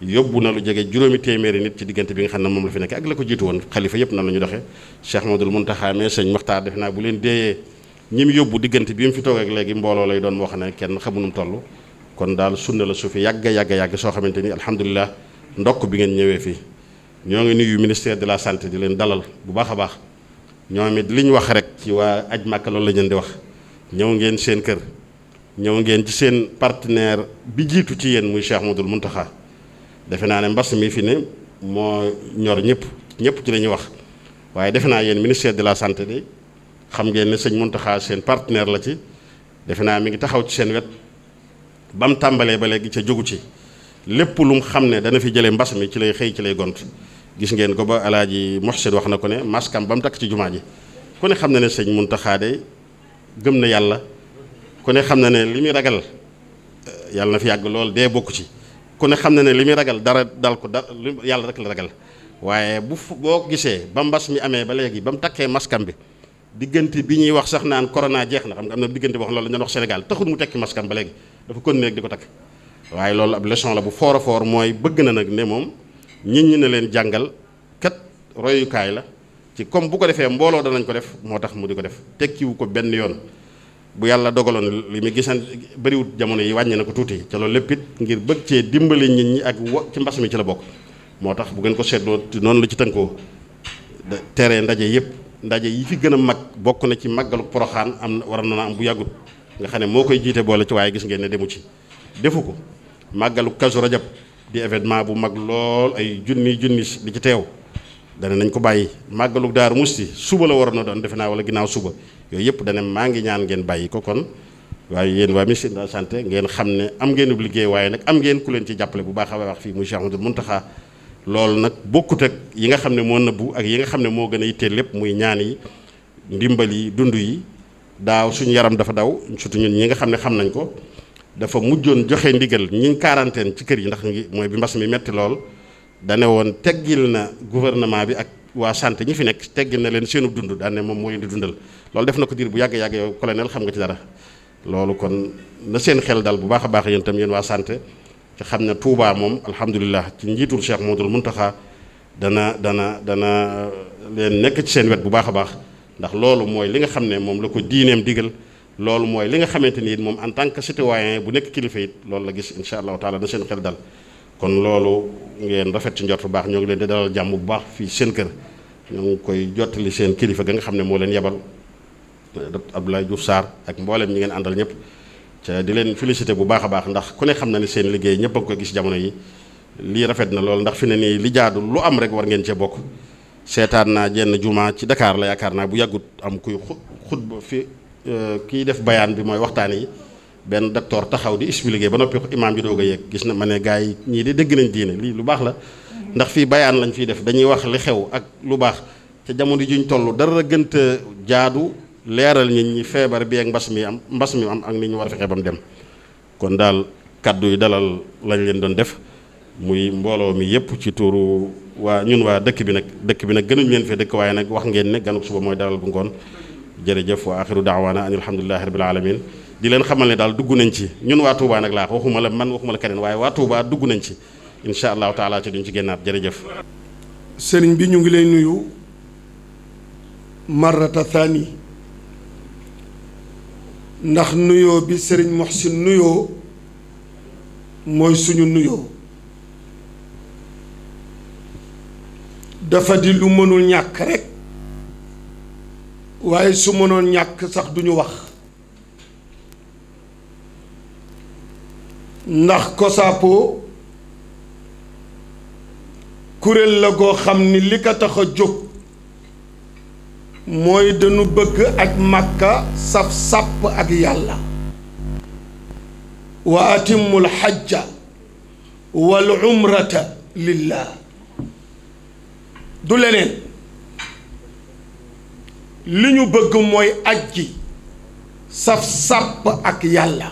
yóbbu na lu jege juróomi téeméeri nit ci diggante bi nga xam ne moom la fi nekk ak la ko jiitu woon xalifa yëpp na la ñu doxee Cheikh Madul Muntaxa mais sëñ Muxtaar def naa bu leen déeyee ñi mu yóbbu diggante bi mu fi toog ak léegi mbooloo lay doon moo xam ne kenn xamunum toll kon daal sunna la su fi yàgg yàgg yàgg soo xamante ni alhamdulilah ndokk bi ngeen ñëwee fii ñoo ngi nuyu ministère de la santé di leen dalal bu baax a baax ñoom it li ñu wax rek ci waa aj màkka loolu la ñu di wax ñëw ngeen seen kër ñëw ngeen ci seen partenaire bi jiitu ci yéen muy Cheikh Modou Mountakha defe naa ne mbas mi fi ne moo ñor ñëpp ñëpp ci la ñuy wax waaye defe naa yéen ministère de la santé de xam ngeen ne sëñ Mountakha seen partenaire la ci defe naa mi ngi taxaw ci seen wet ba mu tàmbalee ba léegi ca jógu ci lépp lu mu xam ne dana fi jëlee mbas mi ci lay xëy ci lay gont gis ngeen ko ba alaaji Mohsin wax na ko ne maskam ba mu takk ci jumaa ji ku ne xam na ne sëñ Muntaxa de gëm na yàlla ku ne xam na ne li muy ragal eh, yàlla na fi yàgg lool dee bokku ci ku ne xam na ne li muy ragal dara dal ko da yàlla rek la ragal waaye bu boo gisee ba mbas mi amee ba léegi ba mu takkee maskam bi diggante bi ñuy wax sax naan corona jeex na xam nga am na diggante boo xam loolu la ñu wax Sénégal taxul mu tekki maskam ba léegi dafa kon rek di ko takk waaye loolu ab leçon la bu foor a foor mooy bëgg na nag ne moom ñit ñi ne leen jàngal kat royukaay la ci comme bu ko defee mbooloo danañ ko def moo tax mu di ko def tekkiwu ko benn yoon bu yàlla dogaloon li muy gisan bariwut jamono yi wàññi na ko tuuti ci loolu lépp it ngir bëgg cee dimbali nit ñi ak wa ci mbas mi ci la bokk moo tax bu ngeen ko te noonu la ci tënkoo tere ndaje yëpp ndaje yi fi gën a mag bokk na ci màggalu poroxaan am war na am bu yàggut nga xam ne moo koy jiite boole ci waaye gis ngeen demu ci defu ko màggalu kazu rajab di événement bu mag lool ay junni junni di ci teew dana nañ ko bàyyi màggalu daar musti suba la waroon na doon defe naa wala ginnaaw suba yooy yëpp dana maa ngi ñaan ngeen bàyyi ko kon waaye yéen waa ministère si la santé ngeen xam ne am ngeen liggéey waaye nag am ngeen ku leen ci jàppale bu baax a wax fii muy Cheikh Ahmadou Mountakha loolu nag bokkut ak yi nga xam ne moo nëbbu ak yi nga xam ne moo gën a yitteel lépp muy ñaan yi ndimbal yi yi daaw suñu yaram dafa daw surtout ñun ñi nga xam ne xam nañ ko dafa mujjoon joxe ndigal ñi quarantaine ci kër yi ndax ngi mooy bi mbas mi metti lool dane woon teggil na gouvernement bi ak waa sante ñi fi nekk teggil na leen seenu dund daan moom moo leen di dundal loolu def na ko diir bu yàgg yàgg yow colonel xam nga ci dara loolu kon na seen xel dal bu baax a baax yéen tam yéen waa santé ci xam ne Touba moom alhamdulilah ci njiitul Cheikh Modou Mountakha dana dana dana leen nekk ci seen wet bu baax a baax ndax loolu mooy li nga xam ne moom la ko diineem digal loolu mooy li nga xamante ni it moom en tant que citoyen bu nekk kilifa it loolu la gis incha allahu taala na seen xel dal kon loolu ngeen rafet ci njot bu baax ñoo ngi leen di dalal jàmm bu baax fii seen kër ñoo ngi koy jottali seen kilifa ga nga xam ne moo leen yebal ab Abdoulaye Diouf saar ak mboolem ñi ngeen àndal ñëpp ca di leen félicité bu baax a baax ndax ku ne xam na ne seen liggéey ñëpp a ngi ko gis jamono yi lii rafet na loolu ndax fi ne nii li jaadu lu am rek war ngeen cee bokk seetaan naa jenn jumaa ci Dakar la yaakaar naa bu yàggut am kuy xut xutba fi Euh, kiy def bayaan bi mooy waxtaan yi benn docteur taxaw di expliquer ba noppi imaam bi doog yéeg gis na ma ne gars yi ñii de dégg nañ diine lii lu baax la ndax fii bayaan lañ fiy def dañuy wax li xew ak lu baax te jamono juñ toll dara gënta jaadu leeral nit ñi feebar bi ak mi am mbas mi am ak nit ñu war a dem kon daal kàddu yu dalal lañ leen doon def muy mbooloo mi yëpp ci tuuru waa ñun waa dëkk bi nag dëkk bi nag gënuñ leen fee dëkk waaye nag wax ngeen ne ganuk suba mooy dalal bu ngoon jërëjëf wa axiru daawaana an alhamdulilahi rabil alamin di leen xamal ne daal dugg nañ ci ñun waa Touba nag laa waxuma la man waxuma la keneen waaye waa Touba dugg nañ ci incha allahu taala ci duñ ci génnaat jërëjëf sëriñ bi ñu ngi lay nuyu marrata thani ndax nuyoo bi sëriñ Muhsin nuyoo mooy suñu nuyoo dafa di lu mënul ñàkk rek waaye su mënoon ñàkk sax duñu wax ndax COSAPO kuréel la goo xam ni li ko taxa a jóg mooy dañu bëgg ak màkka saf sàpp ak yàlla wa atimmu lxajja wal umrata lillah du leneen li ñu bëgg mooy aj saf sàpp ak yàlla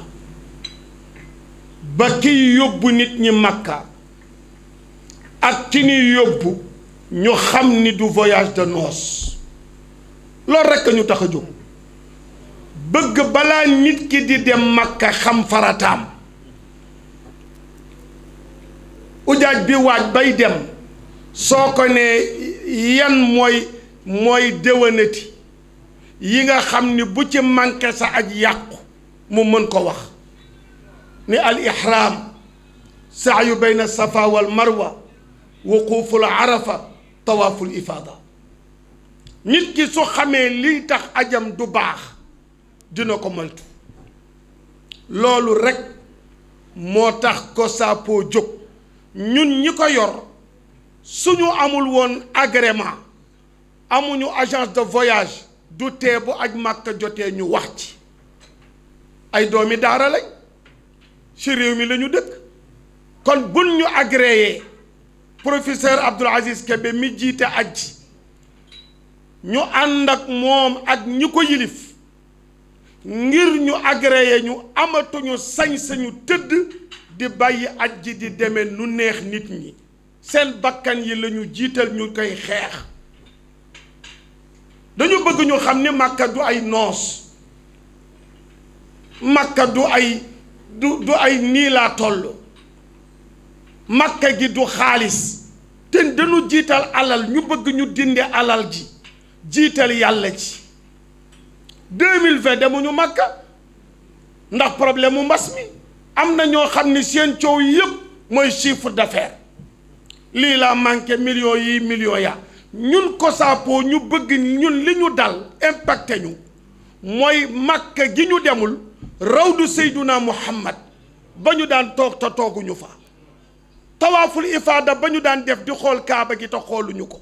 ba kiy yóbbu nit ñi Makka ak ci ñuy yóbbu ñu xam ni du voyage de noces loolu rekk ñu tax a jóg bëgg balaa nit ki di dem Makka xam farataam ujaaj bi waaj bay dem soo ko nee yan mooy mooy déwénati yi nga xam ni bu ci manqué sa aj yàqu mu mën ko wax ni al ihram saayu bayna safa wal marwa wuquful arafa tawaaful ifaada nit ki su xamee liy tax ajam du baax dina ko moytu loolu rekk moo tax COSAPO jóg ñun ñi ko yor suñu amul woon agrément amuñu agence de voyage du tee bu aj màkka jotee ñu wax ci ay doomi daara lañ ci réew mi lañu ñu dëkk kon buñ ñu agréé professeur Abdoul Aziz Kébé mi jiite aj ñu ànd ak moom ak ñi ko yilif ngir ñu agréé ñu amatuñu sañ-sañu tëdd di bàyyi aj ji di demee nu neex nit ñi seen bakkan yi lañu jiital ñu koy xeex dañu bëgg ñu xam ne màkka du ay noos màkka du ay du du ay nii laa toll màkka gi du xaalis te dañu jiital alal ñu bëgg ñu dindi alal ji jiital yàlla ci 2020 demuñu màkka ndax problème mu mbas mi am na ñoo xam ni seen coow yépp mooy chiffre d'affaires lii laa manqué millions million millions ya ñun ko COSAPO ñu bëgg ñun li ñu dal impacté ñu mooy Makka gi ñu demul raw rawdu Seyduna Muhammad ba ñu daan toog te tooguñu fa tawaaful ifaada ba ñu daan def di xool kaaba gi te xooluñu ko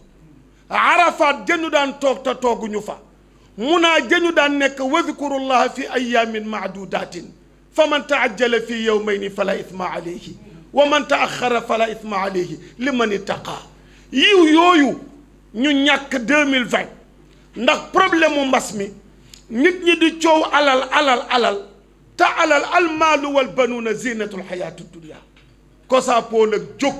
arafaat jëñu daan toog te tooguñu fa munaa jëñu daan nekk wadkurullaha fi ayaamin maadudatin fa man taajjala fi yowmayni fala isma alayhi wa man taaxara fala isma alayhi li man ittaqa yiw yooyu ñu ñàkk 2020 ndax problème mu mbas mi nit ñi di coow alal alal alal te alal almaalu wal banuuna zinatul xayaatu dunia jóg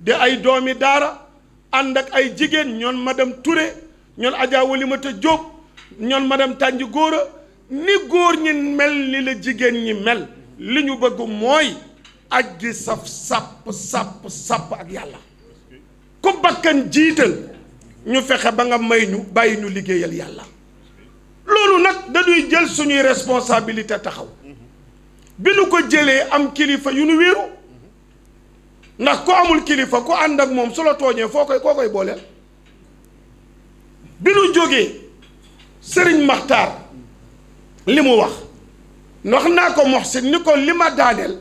di ay doomi daara ànd ak ay jigéen ñoon madame Touré ñoon Adja Walimata Diop ñoon madame Tànji Góora ni góor ñi mel ni la jigéen ñi mel li ñu bëgg mooy aj gi saf sàpp sàpp sàpp ak yàlla ku bakkan jiital ñu fexe ba nga may ñu bàyyi ñu liggéeyal yàlla loolu nag dañuy jël suñuy responsabilité taxaw bi nu ko jëlee am kilifa yu nu wéeru ndax ku amul kilifa ku ànd ak moom su la tooñee foo koy koo koy booleel bi nu jógee sëriñ maxtaar li mu wax wax naa ko moxsin ni ko li ma daaneel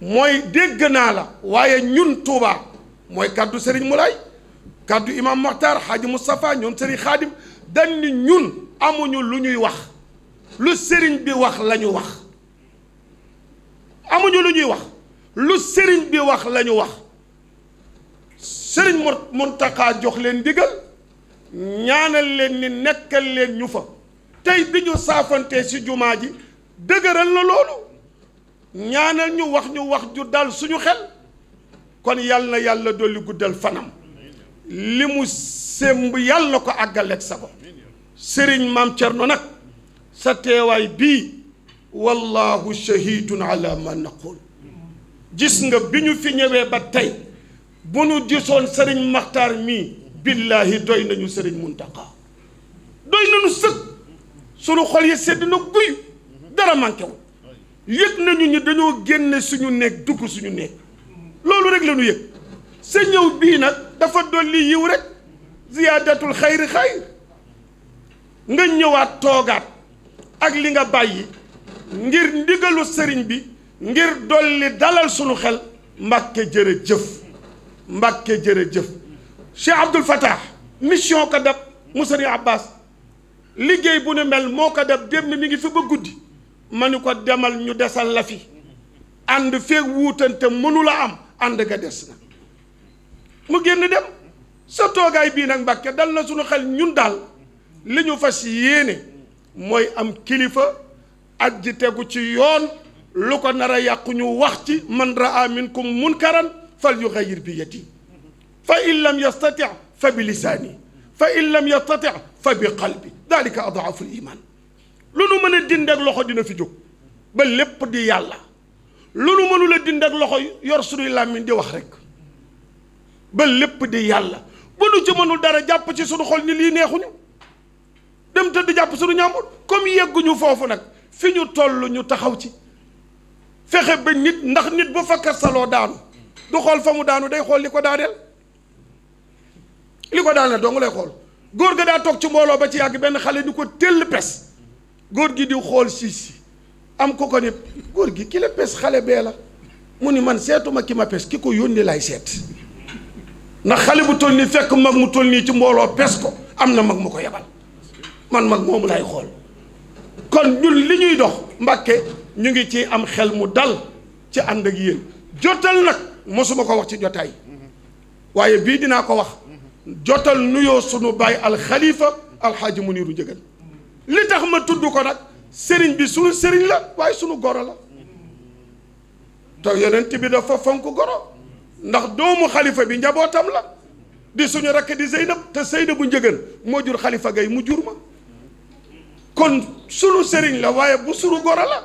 mooy dégg naa la waaye ñun Tuubaa mooy kàddu sëriñ mu lay kàddu imam Mokhtar Hadji Moustapha ñoom Serigne Khadim dañ ni ñun amuñu lu ñuy wax lu Serigne bi wax lañu wax amuñu lu ñuy wax lu sëriñ bi wax lañu wax Serigne Mountakha jox leen ndigal ñaanal leen ni nekkal leen ñu fa tey di ñu saafante ci jumaa ji dëgëral na loolu ñaanal ñu wax ñu wax ju dal suñu xel kon yàlla na yàlla dolli guddal fanam li mu sémb yàlla ko àggaleeg sa ko sëriñ maam Cerno nag sa teewaay bii wallahu shahidun ala ma naqul gis nga bi ñu fi ñëwee ba tey bu nu gisoon sëriñ maxtaar mii billaahi doy nañu sëriñ muntaka doy nañu sëg sunu xol yi sedd na guy dara manqué yëg nañu ni dañoo génne suñu néeg dugg suñu néeg loolu rek la yëg sa ñëw bii nag dafa dolli yiw rek ziyaadatul xayri xayr nga ñëwaat toogaat ak li nga bàyyi ngir ndigalu sëriñ bi ngir dolli dalal sunu xel mbàkke jërëjëf mbàkke jërëjëf Cheikh Abdoul Fattah mission ko dab mu sëriñ Abbas liggéey bu ne mel moo ko dab démb mi ngi fi ba guddi ma ni ko demal ñu desal la fi ànd feeg wuutante mënu am ànd ga des na mu génn dem sa toogaay bii nag mbàkke dal na suñu xel ñun daal li ñu fas yéene mooy am kilifa ak ji tegu ci yoon lu ko nar a yàqu wax ci man raa minkum munkaran fal yuxayir bi yadi fa in lam yastati fa bi lisaani fa in lam yastati fa bi qalbi dalika adaafu liman lu nu mën a dindeeg loxo dina fi jóg ba lépp di yàlla lu nu mënul a dindeeg loxo yor suñuy làmmiñ di wax rek ba lépp di yàlla ba nu ci dara jàpp ci suñu xol ni lii neexuñu dem tëdd jàpp suñu ñaamul comme yegguñu foofu nag fi ñu toll ñu taxaw ci fexe ba nit ndax nit bu fakkat saloo daanu du xool fa mu daanu day xool li ko daaneel li ko daaneel dong lay xool góor ga daa toog ci mbooloo ba ci yàgg benn xale ni ko tëll pes góor gi di xool siis si am ko ko ne góor gi ki la pes xale bee la mu ni man seetuma ki ma pes ki ko yónni lay seet ndax xale bu toll nii fekk mag mu toll nii ci mbooloo pes ko am na mag mu ko yebal man mag moomu lay xool kon ñun li ñuy dox mbàkke ñu ngi ci am xel mu dal ci ànd ak yéen jotal nag mosuma ko wax ci jotaay waaye bii dinaa ko wax jotal nuyoo sunu baay alxalifa alxaaji muniru njëgal li tax ma tudd ko nag sëriñ bi sunu sëriñ la waaye suñu goro la te yonent bi dafa fonk goro ndax doomu xalifa bi njabootam la di suñu rakk di Zeynab te Zeynabu Njëgën moo jur xalifa gay mu jur ma kon sunu sëriñ la waaye bu suru goro la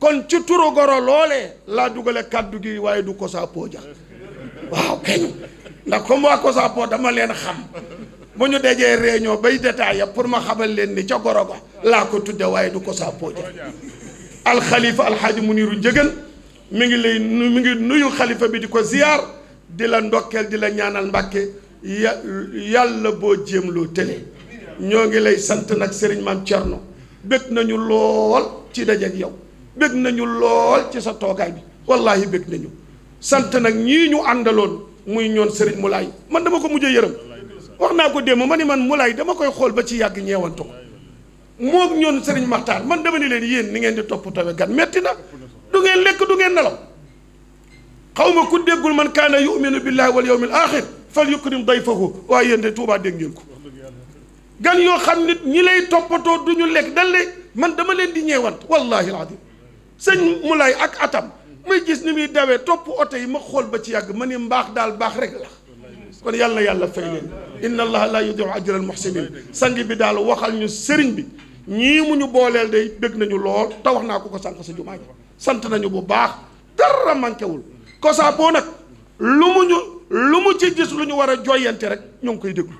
kon ci turu goro loole laa dugale kàddu gi waaye du Kosapo ja waaw keñ ndax comme waa Kosapo dama leen xam bu ñu dajee réunion bay détail pour ma xamal leen ni ca goro ga laa ko tudde waaye du Kosapo ja alxalifa alxaaji Muniru Njëgën mi ngi lay mi ngi nuyu xalifa bi di ko ziyaar di la ndokkeel di la ñaanal mbàkke ya yàlla boo jéemloo tële ñoo ngi lay sant nag sëriñ maam Thierno bëgg nañu lool ci dajeeg yow bëgg nañu lool ci sa toogaay bi wallaahi bëgg nañu sant nag ñii ñu àndaloon muy ñoon sëriñ Moulay man dama ko mujjee yërëm wax naa ko démb ma ni man Moulay dama koy xool ba ci yàgg ñeewantu ko moom ñoon sëriñ Maxtaar man dama ni leen yéen ni ngeen di topp tawe gan metti na du ngeen lekk du ngeen nelaw xaw ma ku déggul man kaana yuminu billahi wal yawmil axir fal yukrim dayfahu waaye yéen de tuubaa dégg ngeen ko gan yoo xam nit ñi lay toppatoo du ñu lekk dan man dama leen di ñeewant wallahi alazim sëñ Moulay ak atam may gis ni muy dawee topp oto yi ma xool ba ci yàgg ma ne mbaax daal baax rek la kon yàlla na yàlla fay leen inna allah la yudiu ajral muhsinin sang bi daal waxal ñu sëriñ bi ñii mu ñu booleel day bëgg nañu lool te naa ko ko sànq sa jumaa ji sant nañu bu baax dara manqué wul nag lu mu ñu lu mu ci gis lu ñu war a joyante rek ñoo ngi koy déglu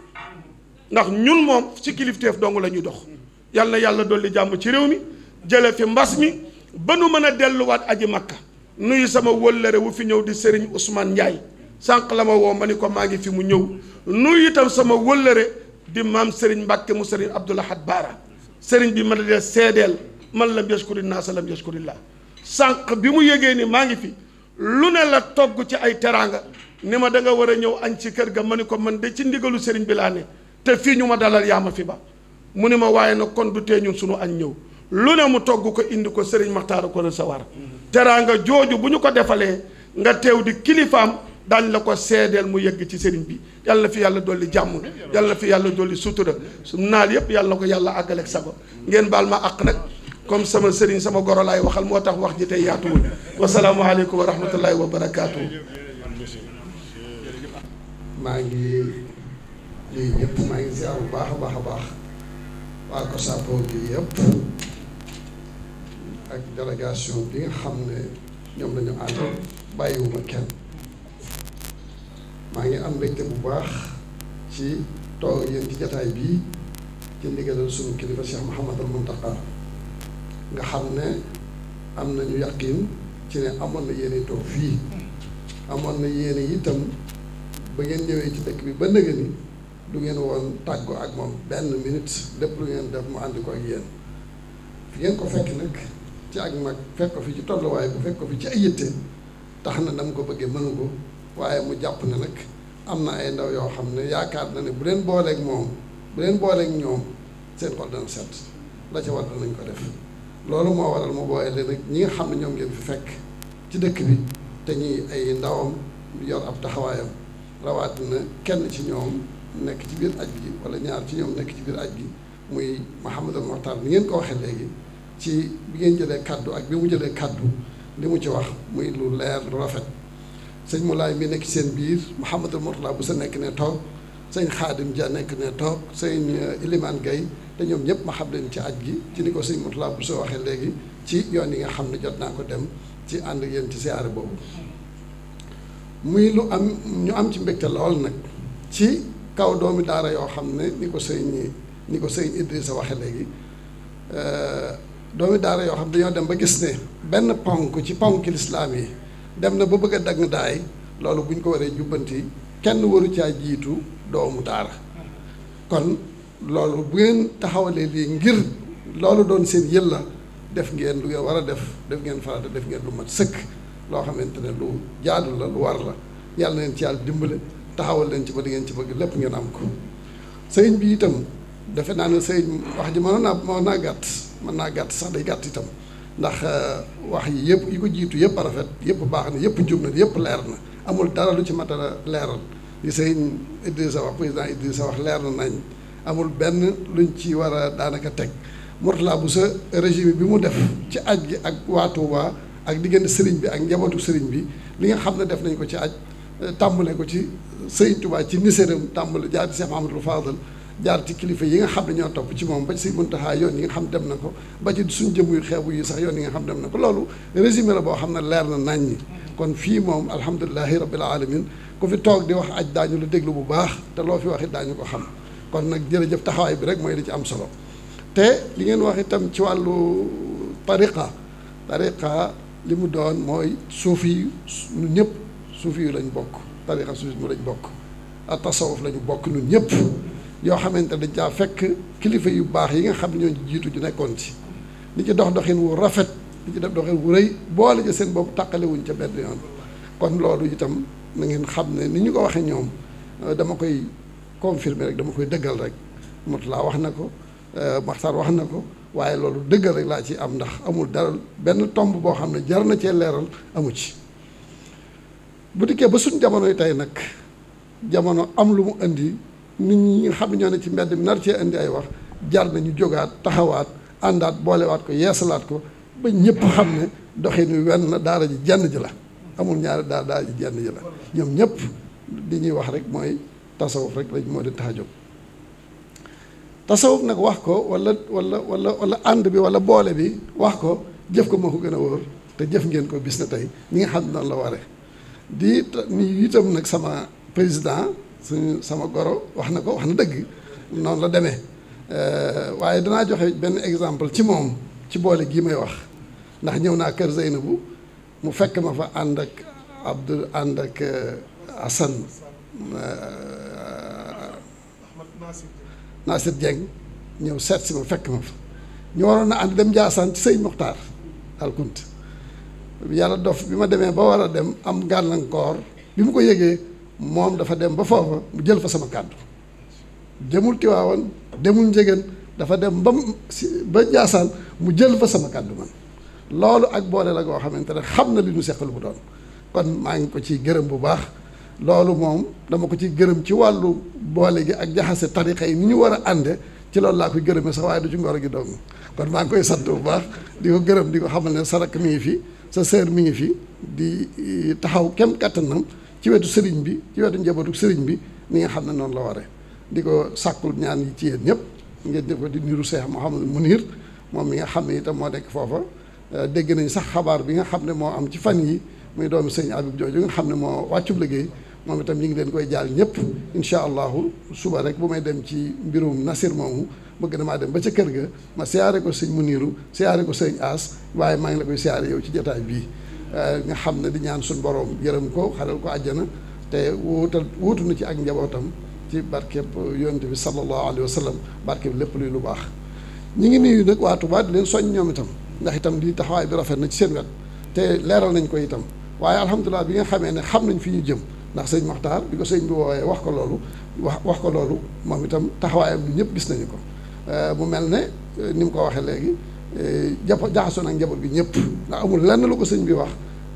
ndax ñun moom ci kilifteef dong la ñuy dox yàlla na yàlla dolli jàmm ci réew mi jële fi mbas mi ba nu mën a delluwaat aji makka nuyu sama wëllëre wu fi ñëw di Serigne Ousmane Ndiaye sànq la ma woo ma ni ko maa ngi fi mu ñëw nuyu itam sama wëllëre di maam Serigne Mbacke mu Serigne Abdoulahad Baara Serigne bi mën a dee seedeel man lam yashkuri naasa lam yashkurillah sànq bi mu yëgee ni maa ngi fi lu ne la togg ci ay teraanga ni ma da nga war a ñëw añ ci kër ga ma ni ko mën de ci ndigalu sëriñ bi laa ne te fii ñu ma dalal yaa ma fi ba mu ni ma waaye na kon du tee ñun sunu añ ñëw lu ne mu togg ko indi ko sëriñ Maxtaar ko recevoir teraanga jooju bu ñu ko defalee nga teew di kilifaam daañ la ko seedeel mu yegg ci sëriñ bi yàlla fi yàlla dolli jàmm yàlla na fi yàlla dolli sutura su naal yëpp yàlla na ko yàlla àggaleeg saba ngeen baal ma àq nag comme sama sëriñ sama goro laay waxal moo tax wax ji tey yaatuwul wasalaamualeykum wa rahmatullahi wa barakaatu. maa ngi lii ñëpp maa ngi ziar bu baax a baax a baax waa COSAPO bi yëpp ak délégation bi nga xam ne ñoom la ñu bàyyiwuma kenn maa ngi am mbégte bu baax ci toog yéen ci jataay bii ci ndigalal sunu kilifa Cheikh Mouhamadul Mountakha. nga xam ne am na ñu yàqin ci ne amoon na yéene toog fii amoon na yéene itam ba ngeen ñëwee ci dëkk bi ba nëgë ni du ngeen woon tàggoo ak moom benn minute lépp lu ngeen def mu ànd ak yéen fi ngeen ko fekk nag ci ak mag fekk ko fi ci tolluwaay bu fekk ko fi ci ay yitte tax na dama ko bëggee mënu ko waaye mu jàpp ne nag am na ay ndaw yoo xam ne yaakaar na ne bu leen booleek moom bu leen booleeg ñoom seen xool dana set la ca war danañ ko def loolu moo waral mu boole nag ñi nga xam ne ñoom ngeen fi fekk ci dëkk bi te ñuy ay ndawam yor ab taxawaayam rawatina kenn ci ñoom nekk ci biir aj gi wala ñaar ci ñoom nekk ci biir aj gi muy Mouhamadul Mokhtar bi ngeen ko waxee léegi ci bi ngeen jëlee kàddu ak bi mu jëlee kàddu li mu ci wax muy lu leer lu rafet sëñ Moulay mi nekk ci seen biir Mouhamadul Mokhtar bu sa nekk ne toog sëñ Xaadim Dia nekk ne toog sëñ Ilimane euh, Gueye. te ñoom ñëpp ma xam leen ci aj gi ci ni ko sëñ Mourtala bu soo waxee léegi ci yoon yi nga xam ne jot naa ko dem ci ànd ak yéen ci siyaare boobu muy lu am ñu am ci mbégte lool nag ci kaw doomi daara yoo xam ne ni ko sëñ ni ko sëñ Idrissa waxe léegi euh, doomi daara yoo xam ne dañoo dem ba gis ne benn ponk ci ponk lislaam yi dem na ba bëgg a dagg daay loolu bu ñu ko waree jubbanti kenn waru caa jiitu doomu daara kon loolu bu ngeen taxawalee lii ngir loolu doon seen yëlla def ngeen lu ngeen war a def def ngeen farata def ngeen lu mat sëkk loo xamante ne lu jaadu la lu war la yàlla neen ci yàlla dimbale taxawal leen ci ba di ngeen ci bëgg lépp ngeen am ko sëriñ bi itam defe naa ne sëriñ wax ji mën naa mën naa gàtt mën naa gàtt sax day gàtt itam ndax euh, wax yi yëpp yi ko jiitu yëpp rafet yëpp baax na yëpp jub na yëpp leer na amul dara lu ci mat a leeral li sëriñ Idrissa wax président Idrissa wax leer na amul benn luñ ci war a daanaka teg Mourtala bu sa régime bi mu def ci aj gi ak waa Touba ak diggante sëriñ bi ak njabootu sëriñ bi li nga xam ne def nañ ko ci aj eh, tàmbale ko ci sëriñ Touba ci niséram tàmbale jaar ci Cheikh Mahamadou jaar ci kilifa yi nga xam ne ñoo topp ci moom ba ci Sëriñ Muntaxa yoon yi nga xam dem na ko ba ci suñ jëm yu xeebu yi sax yoon yi nga xam dem na ko loolu résumé la boo xam ne leer na nañ ñi kon fii moom alhamdulilahi rabbil alamin ku fi toog di wax aj daañu la déglu bu baax te loo fi waxit daañu ko xam kon nag jërëjëf taxawaay bi rek mooy di ci am solo te li ngeen wax itam ci wàllu tariqa tariqa li mu doon mooy suufi yu ñun ñëpp suufi yu lañ bokk tariqa suufi mu lañ bokk ak tasawuf lañu bokk ñun ñëpp yoo xamante dañ caa fekk kilifa yu baax yi nga xam ne ñooñ jiitu ju nekkoon ci li ci dox doxin wu rafet li ci def doxin wu rëy boole ci seen bopp tàqale wuñ ca benn yoon kon loolu itam na ngeen xam ne ni ñu ko waxee ñoom dama koy confirmé rek dama koy dëggal rek Moutalla wax na ko euh, Maxtar wax na ko waaye loolu dëggal rek laa ci am ndax amul dara benn tomb boo xam ne jar na cee leeral amu ci bu ba suñ jamonoy tey nag jamono am lu mu indi nit xam ne ñoo ne ci mbedd mi cee indi ay wax jar nañu jógaat taxawaat àndaat boolewaat ko yeesalaat ko ñëpp xam ne doxin wi wenn na daara ji ji la amul ñaari daara daara ji jenn ji la ñoom ñëpp di ñuy wax rek mooy tasawuf rek lañ moo leen tax a jóg tasawuf nag wax ko walla wala wala wala ànd bi wala boole bi wax ko jëf ko ma ko gën a wóor te jëf ngeen ko bis na tey ñi nga xam ne la ware di ni itam nag sama président suñu sama goro wax na ko wax na dëgg noonu la demee euh, waaye danaa joxe benn exemple ci moom ci boole gi may wax ndax ñëw naa kër bu mu fekk ma fa ànd ak Abdou ànd ak euh, Assane euh, naa seet Dieng ñëw seet si ma fekk ma fa ñu waroon na ànd dem Njaasaan ci sëñ Muxtaar alkunt yàlla dof bi ma demee ba war a dem am gàllankoor bi mu ko yëgee moom dafa dem ba foofa mu jël fa sama kàddu demul Tiwaawan demul Njëgeen dafa dem ba mu si ba Njaasaan mu jël fa sama kàddu man loolu ak boole la goo xamante ne xam na li ñu seq lu mu doon kon maa ngi ko ciy gërëm bu baax loolu moom dama ko ci gërëm ci wàllu boole gi ak jaxase tarixa yi ni ñu war a ànde ci loolu laa koy gërëmee sax waaye du ci ngoro gi dong kon maa ngi koy sant bu baax di ko di ko xamal ne sarak mi ngi fi sa sœur mi ngi fi di eh, taxaw kem kattanam ci wetu sëriñ bi ci wetu njabootu sëriñ bi ni nga xam ne noonu la waree di ko sàkkul ñaan ci yéen ñëpp ngeen def ko di niru Cheikh Mouhamadou Mounir moom mi nga xam ne itam moo nekk foofa eh, dégg nañ sax xabaar bi nga xam ne moo am ci fan yi muy doomu sëñ Abib jooju nga xam ne moo wàccub liggéey moom itam ñu ngi leen koy jaal ñëpp incha allahu suba rek bu may dem ci mbirum Nasir moomu bëgg damaa dem ba ca kër ga ma siyaare ko sëñ Muniru siyaare ko sëñ As waaye maa ngi la koy siyaare yow ci jotaay bii eh, nga xam ne di ñaan suñ boroom yërëm ko xaral ko àjjana te wuutal wuutu na ci ak njabootam ci barkeb yonent bi sallallahu alayhi wa sallam barkeb lépp luy lu baax ñi ngi nuyu nag waatu Touba leen soñ ñoom itam ndax itam di taxawaay bi rafet na ci seen wet te leeral nañ ko itam waaye alhamdulilah bi nga xamee ne xam nañ fi ñu jëm ndax sëñ Maxtaar bi ko sëñ bi woowee wax ko loolu wax wax ko loolu moom itam taxawaayam bi ñëpp gis nañu ko euh, mu mel ne euh, ni mu ko waxee léegi euh, jàpp jaxasoo nag njaboot bi ñëpp ndax amul lenn lu ko sëñ bi wax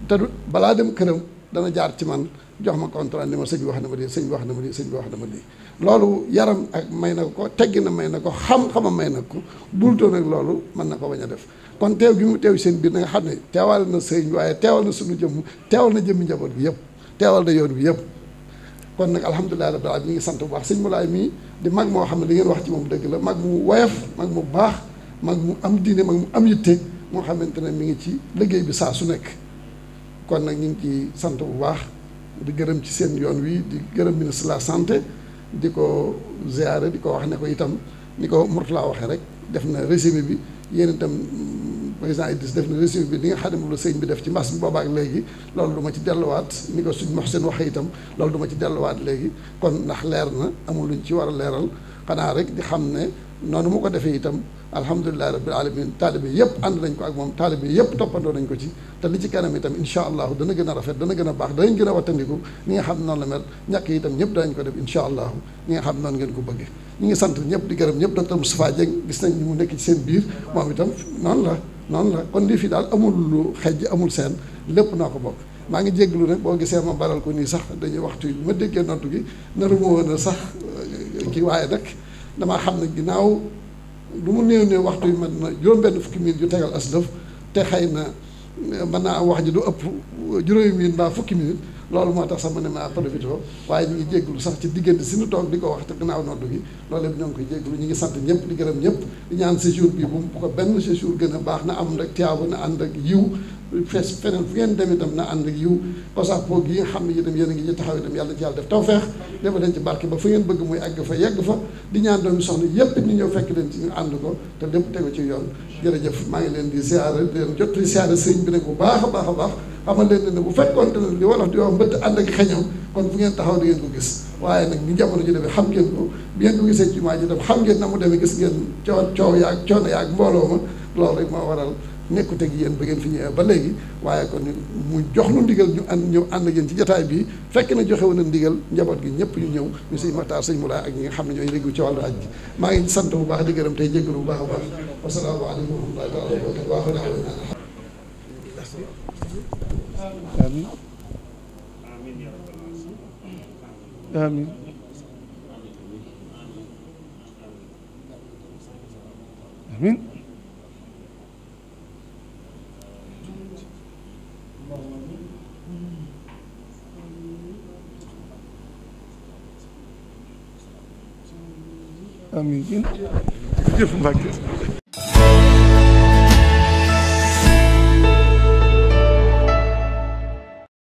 te du balaa dem këram dana jaar ci man jox ma contrat ni ma sëñ bi wax na ma di sëñ bi wax na ma di sëñ bi wax na ma loolu yaram ak may na ko teggi na may na ko xam-xama may na ko bultoo nag loolu mën na ko bañ a def kon teew gi mu teew seen biir na nga xam ne teewal na sëñ waaye teewal na sunu jëmm teewal na jëmmi njaboot gi yëpp teewal na yoon wi yëpp kon nag alhamdulilah rabbil alamin ñu ngi sant bu baax sëñ laay mii di mag moo xam ne di ngeen wax ci moom dëgg la mag mu woyof mag mu baax mag mu am diine mag mu am yitte moo xamante ne mi ngi ci liggéey bi saa su nekk kon nag ñu ngi ci sant bu baax di gërëm ci seen yoon wii di gërëm ministre de la santé di ko ziare di ko wax ne ko itam ni ko Mourtala waxee rek def na résumé bi yéen itam. président Idriss def na reçu bi li nga xam bi def ci mbas mi boobaak léegi loolu du ma ci delluwaat ni ko suñ mox seen waxee itam loolu du ma ci delluwaat léegi kon ndax leer na amul lu ñu ci war a leeral xanaa rek di xam ne noonu ma ko defee itam alhamdulilahi rabbil alamin taalibe yëpp ànd nañ ko ak moom taalibe yëpp toppandoo nañ ko ci te li ci kanam itam insha allah dana gën a rafet dana gën a baax danañ gën a wattandiku ni nga xam noonu la mel ñàkk yi itam ñëpp danañ ko def insha allahu ñi xam noonu ngeen ko bëggee ñi ngi sant ñëpp di gërëm ñëpp docteur Moustapha Dieng gis nañ mu nekk ci seen biir moom itam noonu la noonu la kon li fii daal amul lu xejj amul seen lépp naa ko bokk maa ngi jégglu rek boo gisee ma baral ko nii sax dañuy waxtu yi bu ma déggee nottu gi naru ma woon sax euh, kii waaye nag damaa xam ne ginnaaw lu mu néew néew waxtu yi mën na juróom-benn fukki minutes yu tegal as lëf te xëy na euh, mën naa am wax ji du ëpp juróomi minutes mbaa fukki minutes loolu moo tax sax ma ne maa profité waaye ñu ngi jégalu sax ci diggante si ñu toog di ko wax te gannaaw noddu gi loolu yëpp ñoo ngi koy jégalu ñu ngi sant ñëpp di gërëm ñëpp di ñaan séjour bi bu ko benn séjour gën a baax na am rek tiyaaba na ànd ak yiw fees feneen fu ngeen dem itam na ànd ak yiw gi xam ne itam yéen a ngi ci taxaw itam yàlla ci yàlla def tawfeex dafa leen ci barke ba fu ngeen bëgg muy àgg fa yegg fa di ñaan doomi soxna yépp ñu ñëw fekk leen ci ñu ànd ko te lépp tegu ci yoon jërëjëf maa ngi leen di siyaare di leen jot di siyaare sëriñ bi ne bu baax a baax a baax xamal leen ne bu fekkoon ne li wolof di wax mbëtt ànd ak xeñam kon fu ngeen taxaw di ngeen ko gis waaye nag ni jamono ji demee xam ngeen ko bi ngeen ko gisee ci maa ji dem xam ngeen na mu nekkute ak yéen ba ngeen fi ñëwee ba léegi waaye kon mu jox nu ndigal ñu ànd ñëw ànd ci jataay bi fekk na joxe na ndigal njaboot gi ñëpp ñu ñëw ñu sëñ Maxtaar sëñ Mulaay ak ñi nga xam ne ñooy régu ci wàll aj maa ngi sant bu baax di gërëm tey jéggalu bu baax a baax wasalaamu aleykum wa amin amiin jërëjëf Mbacke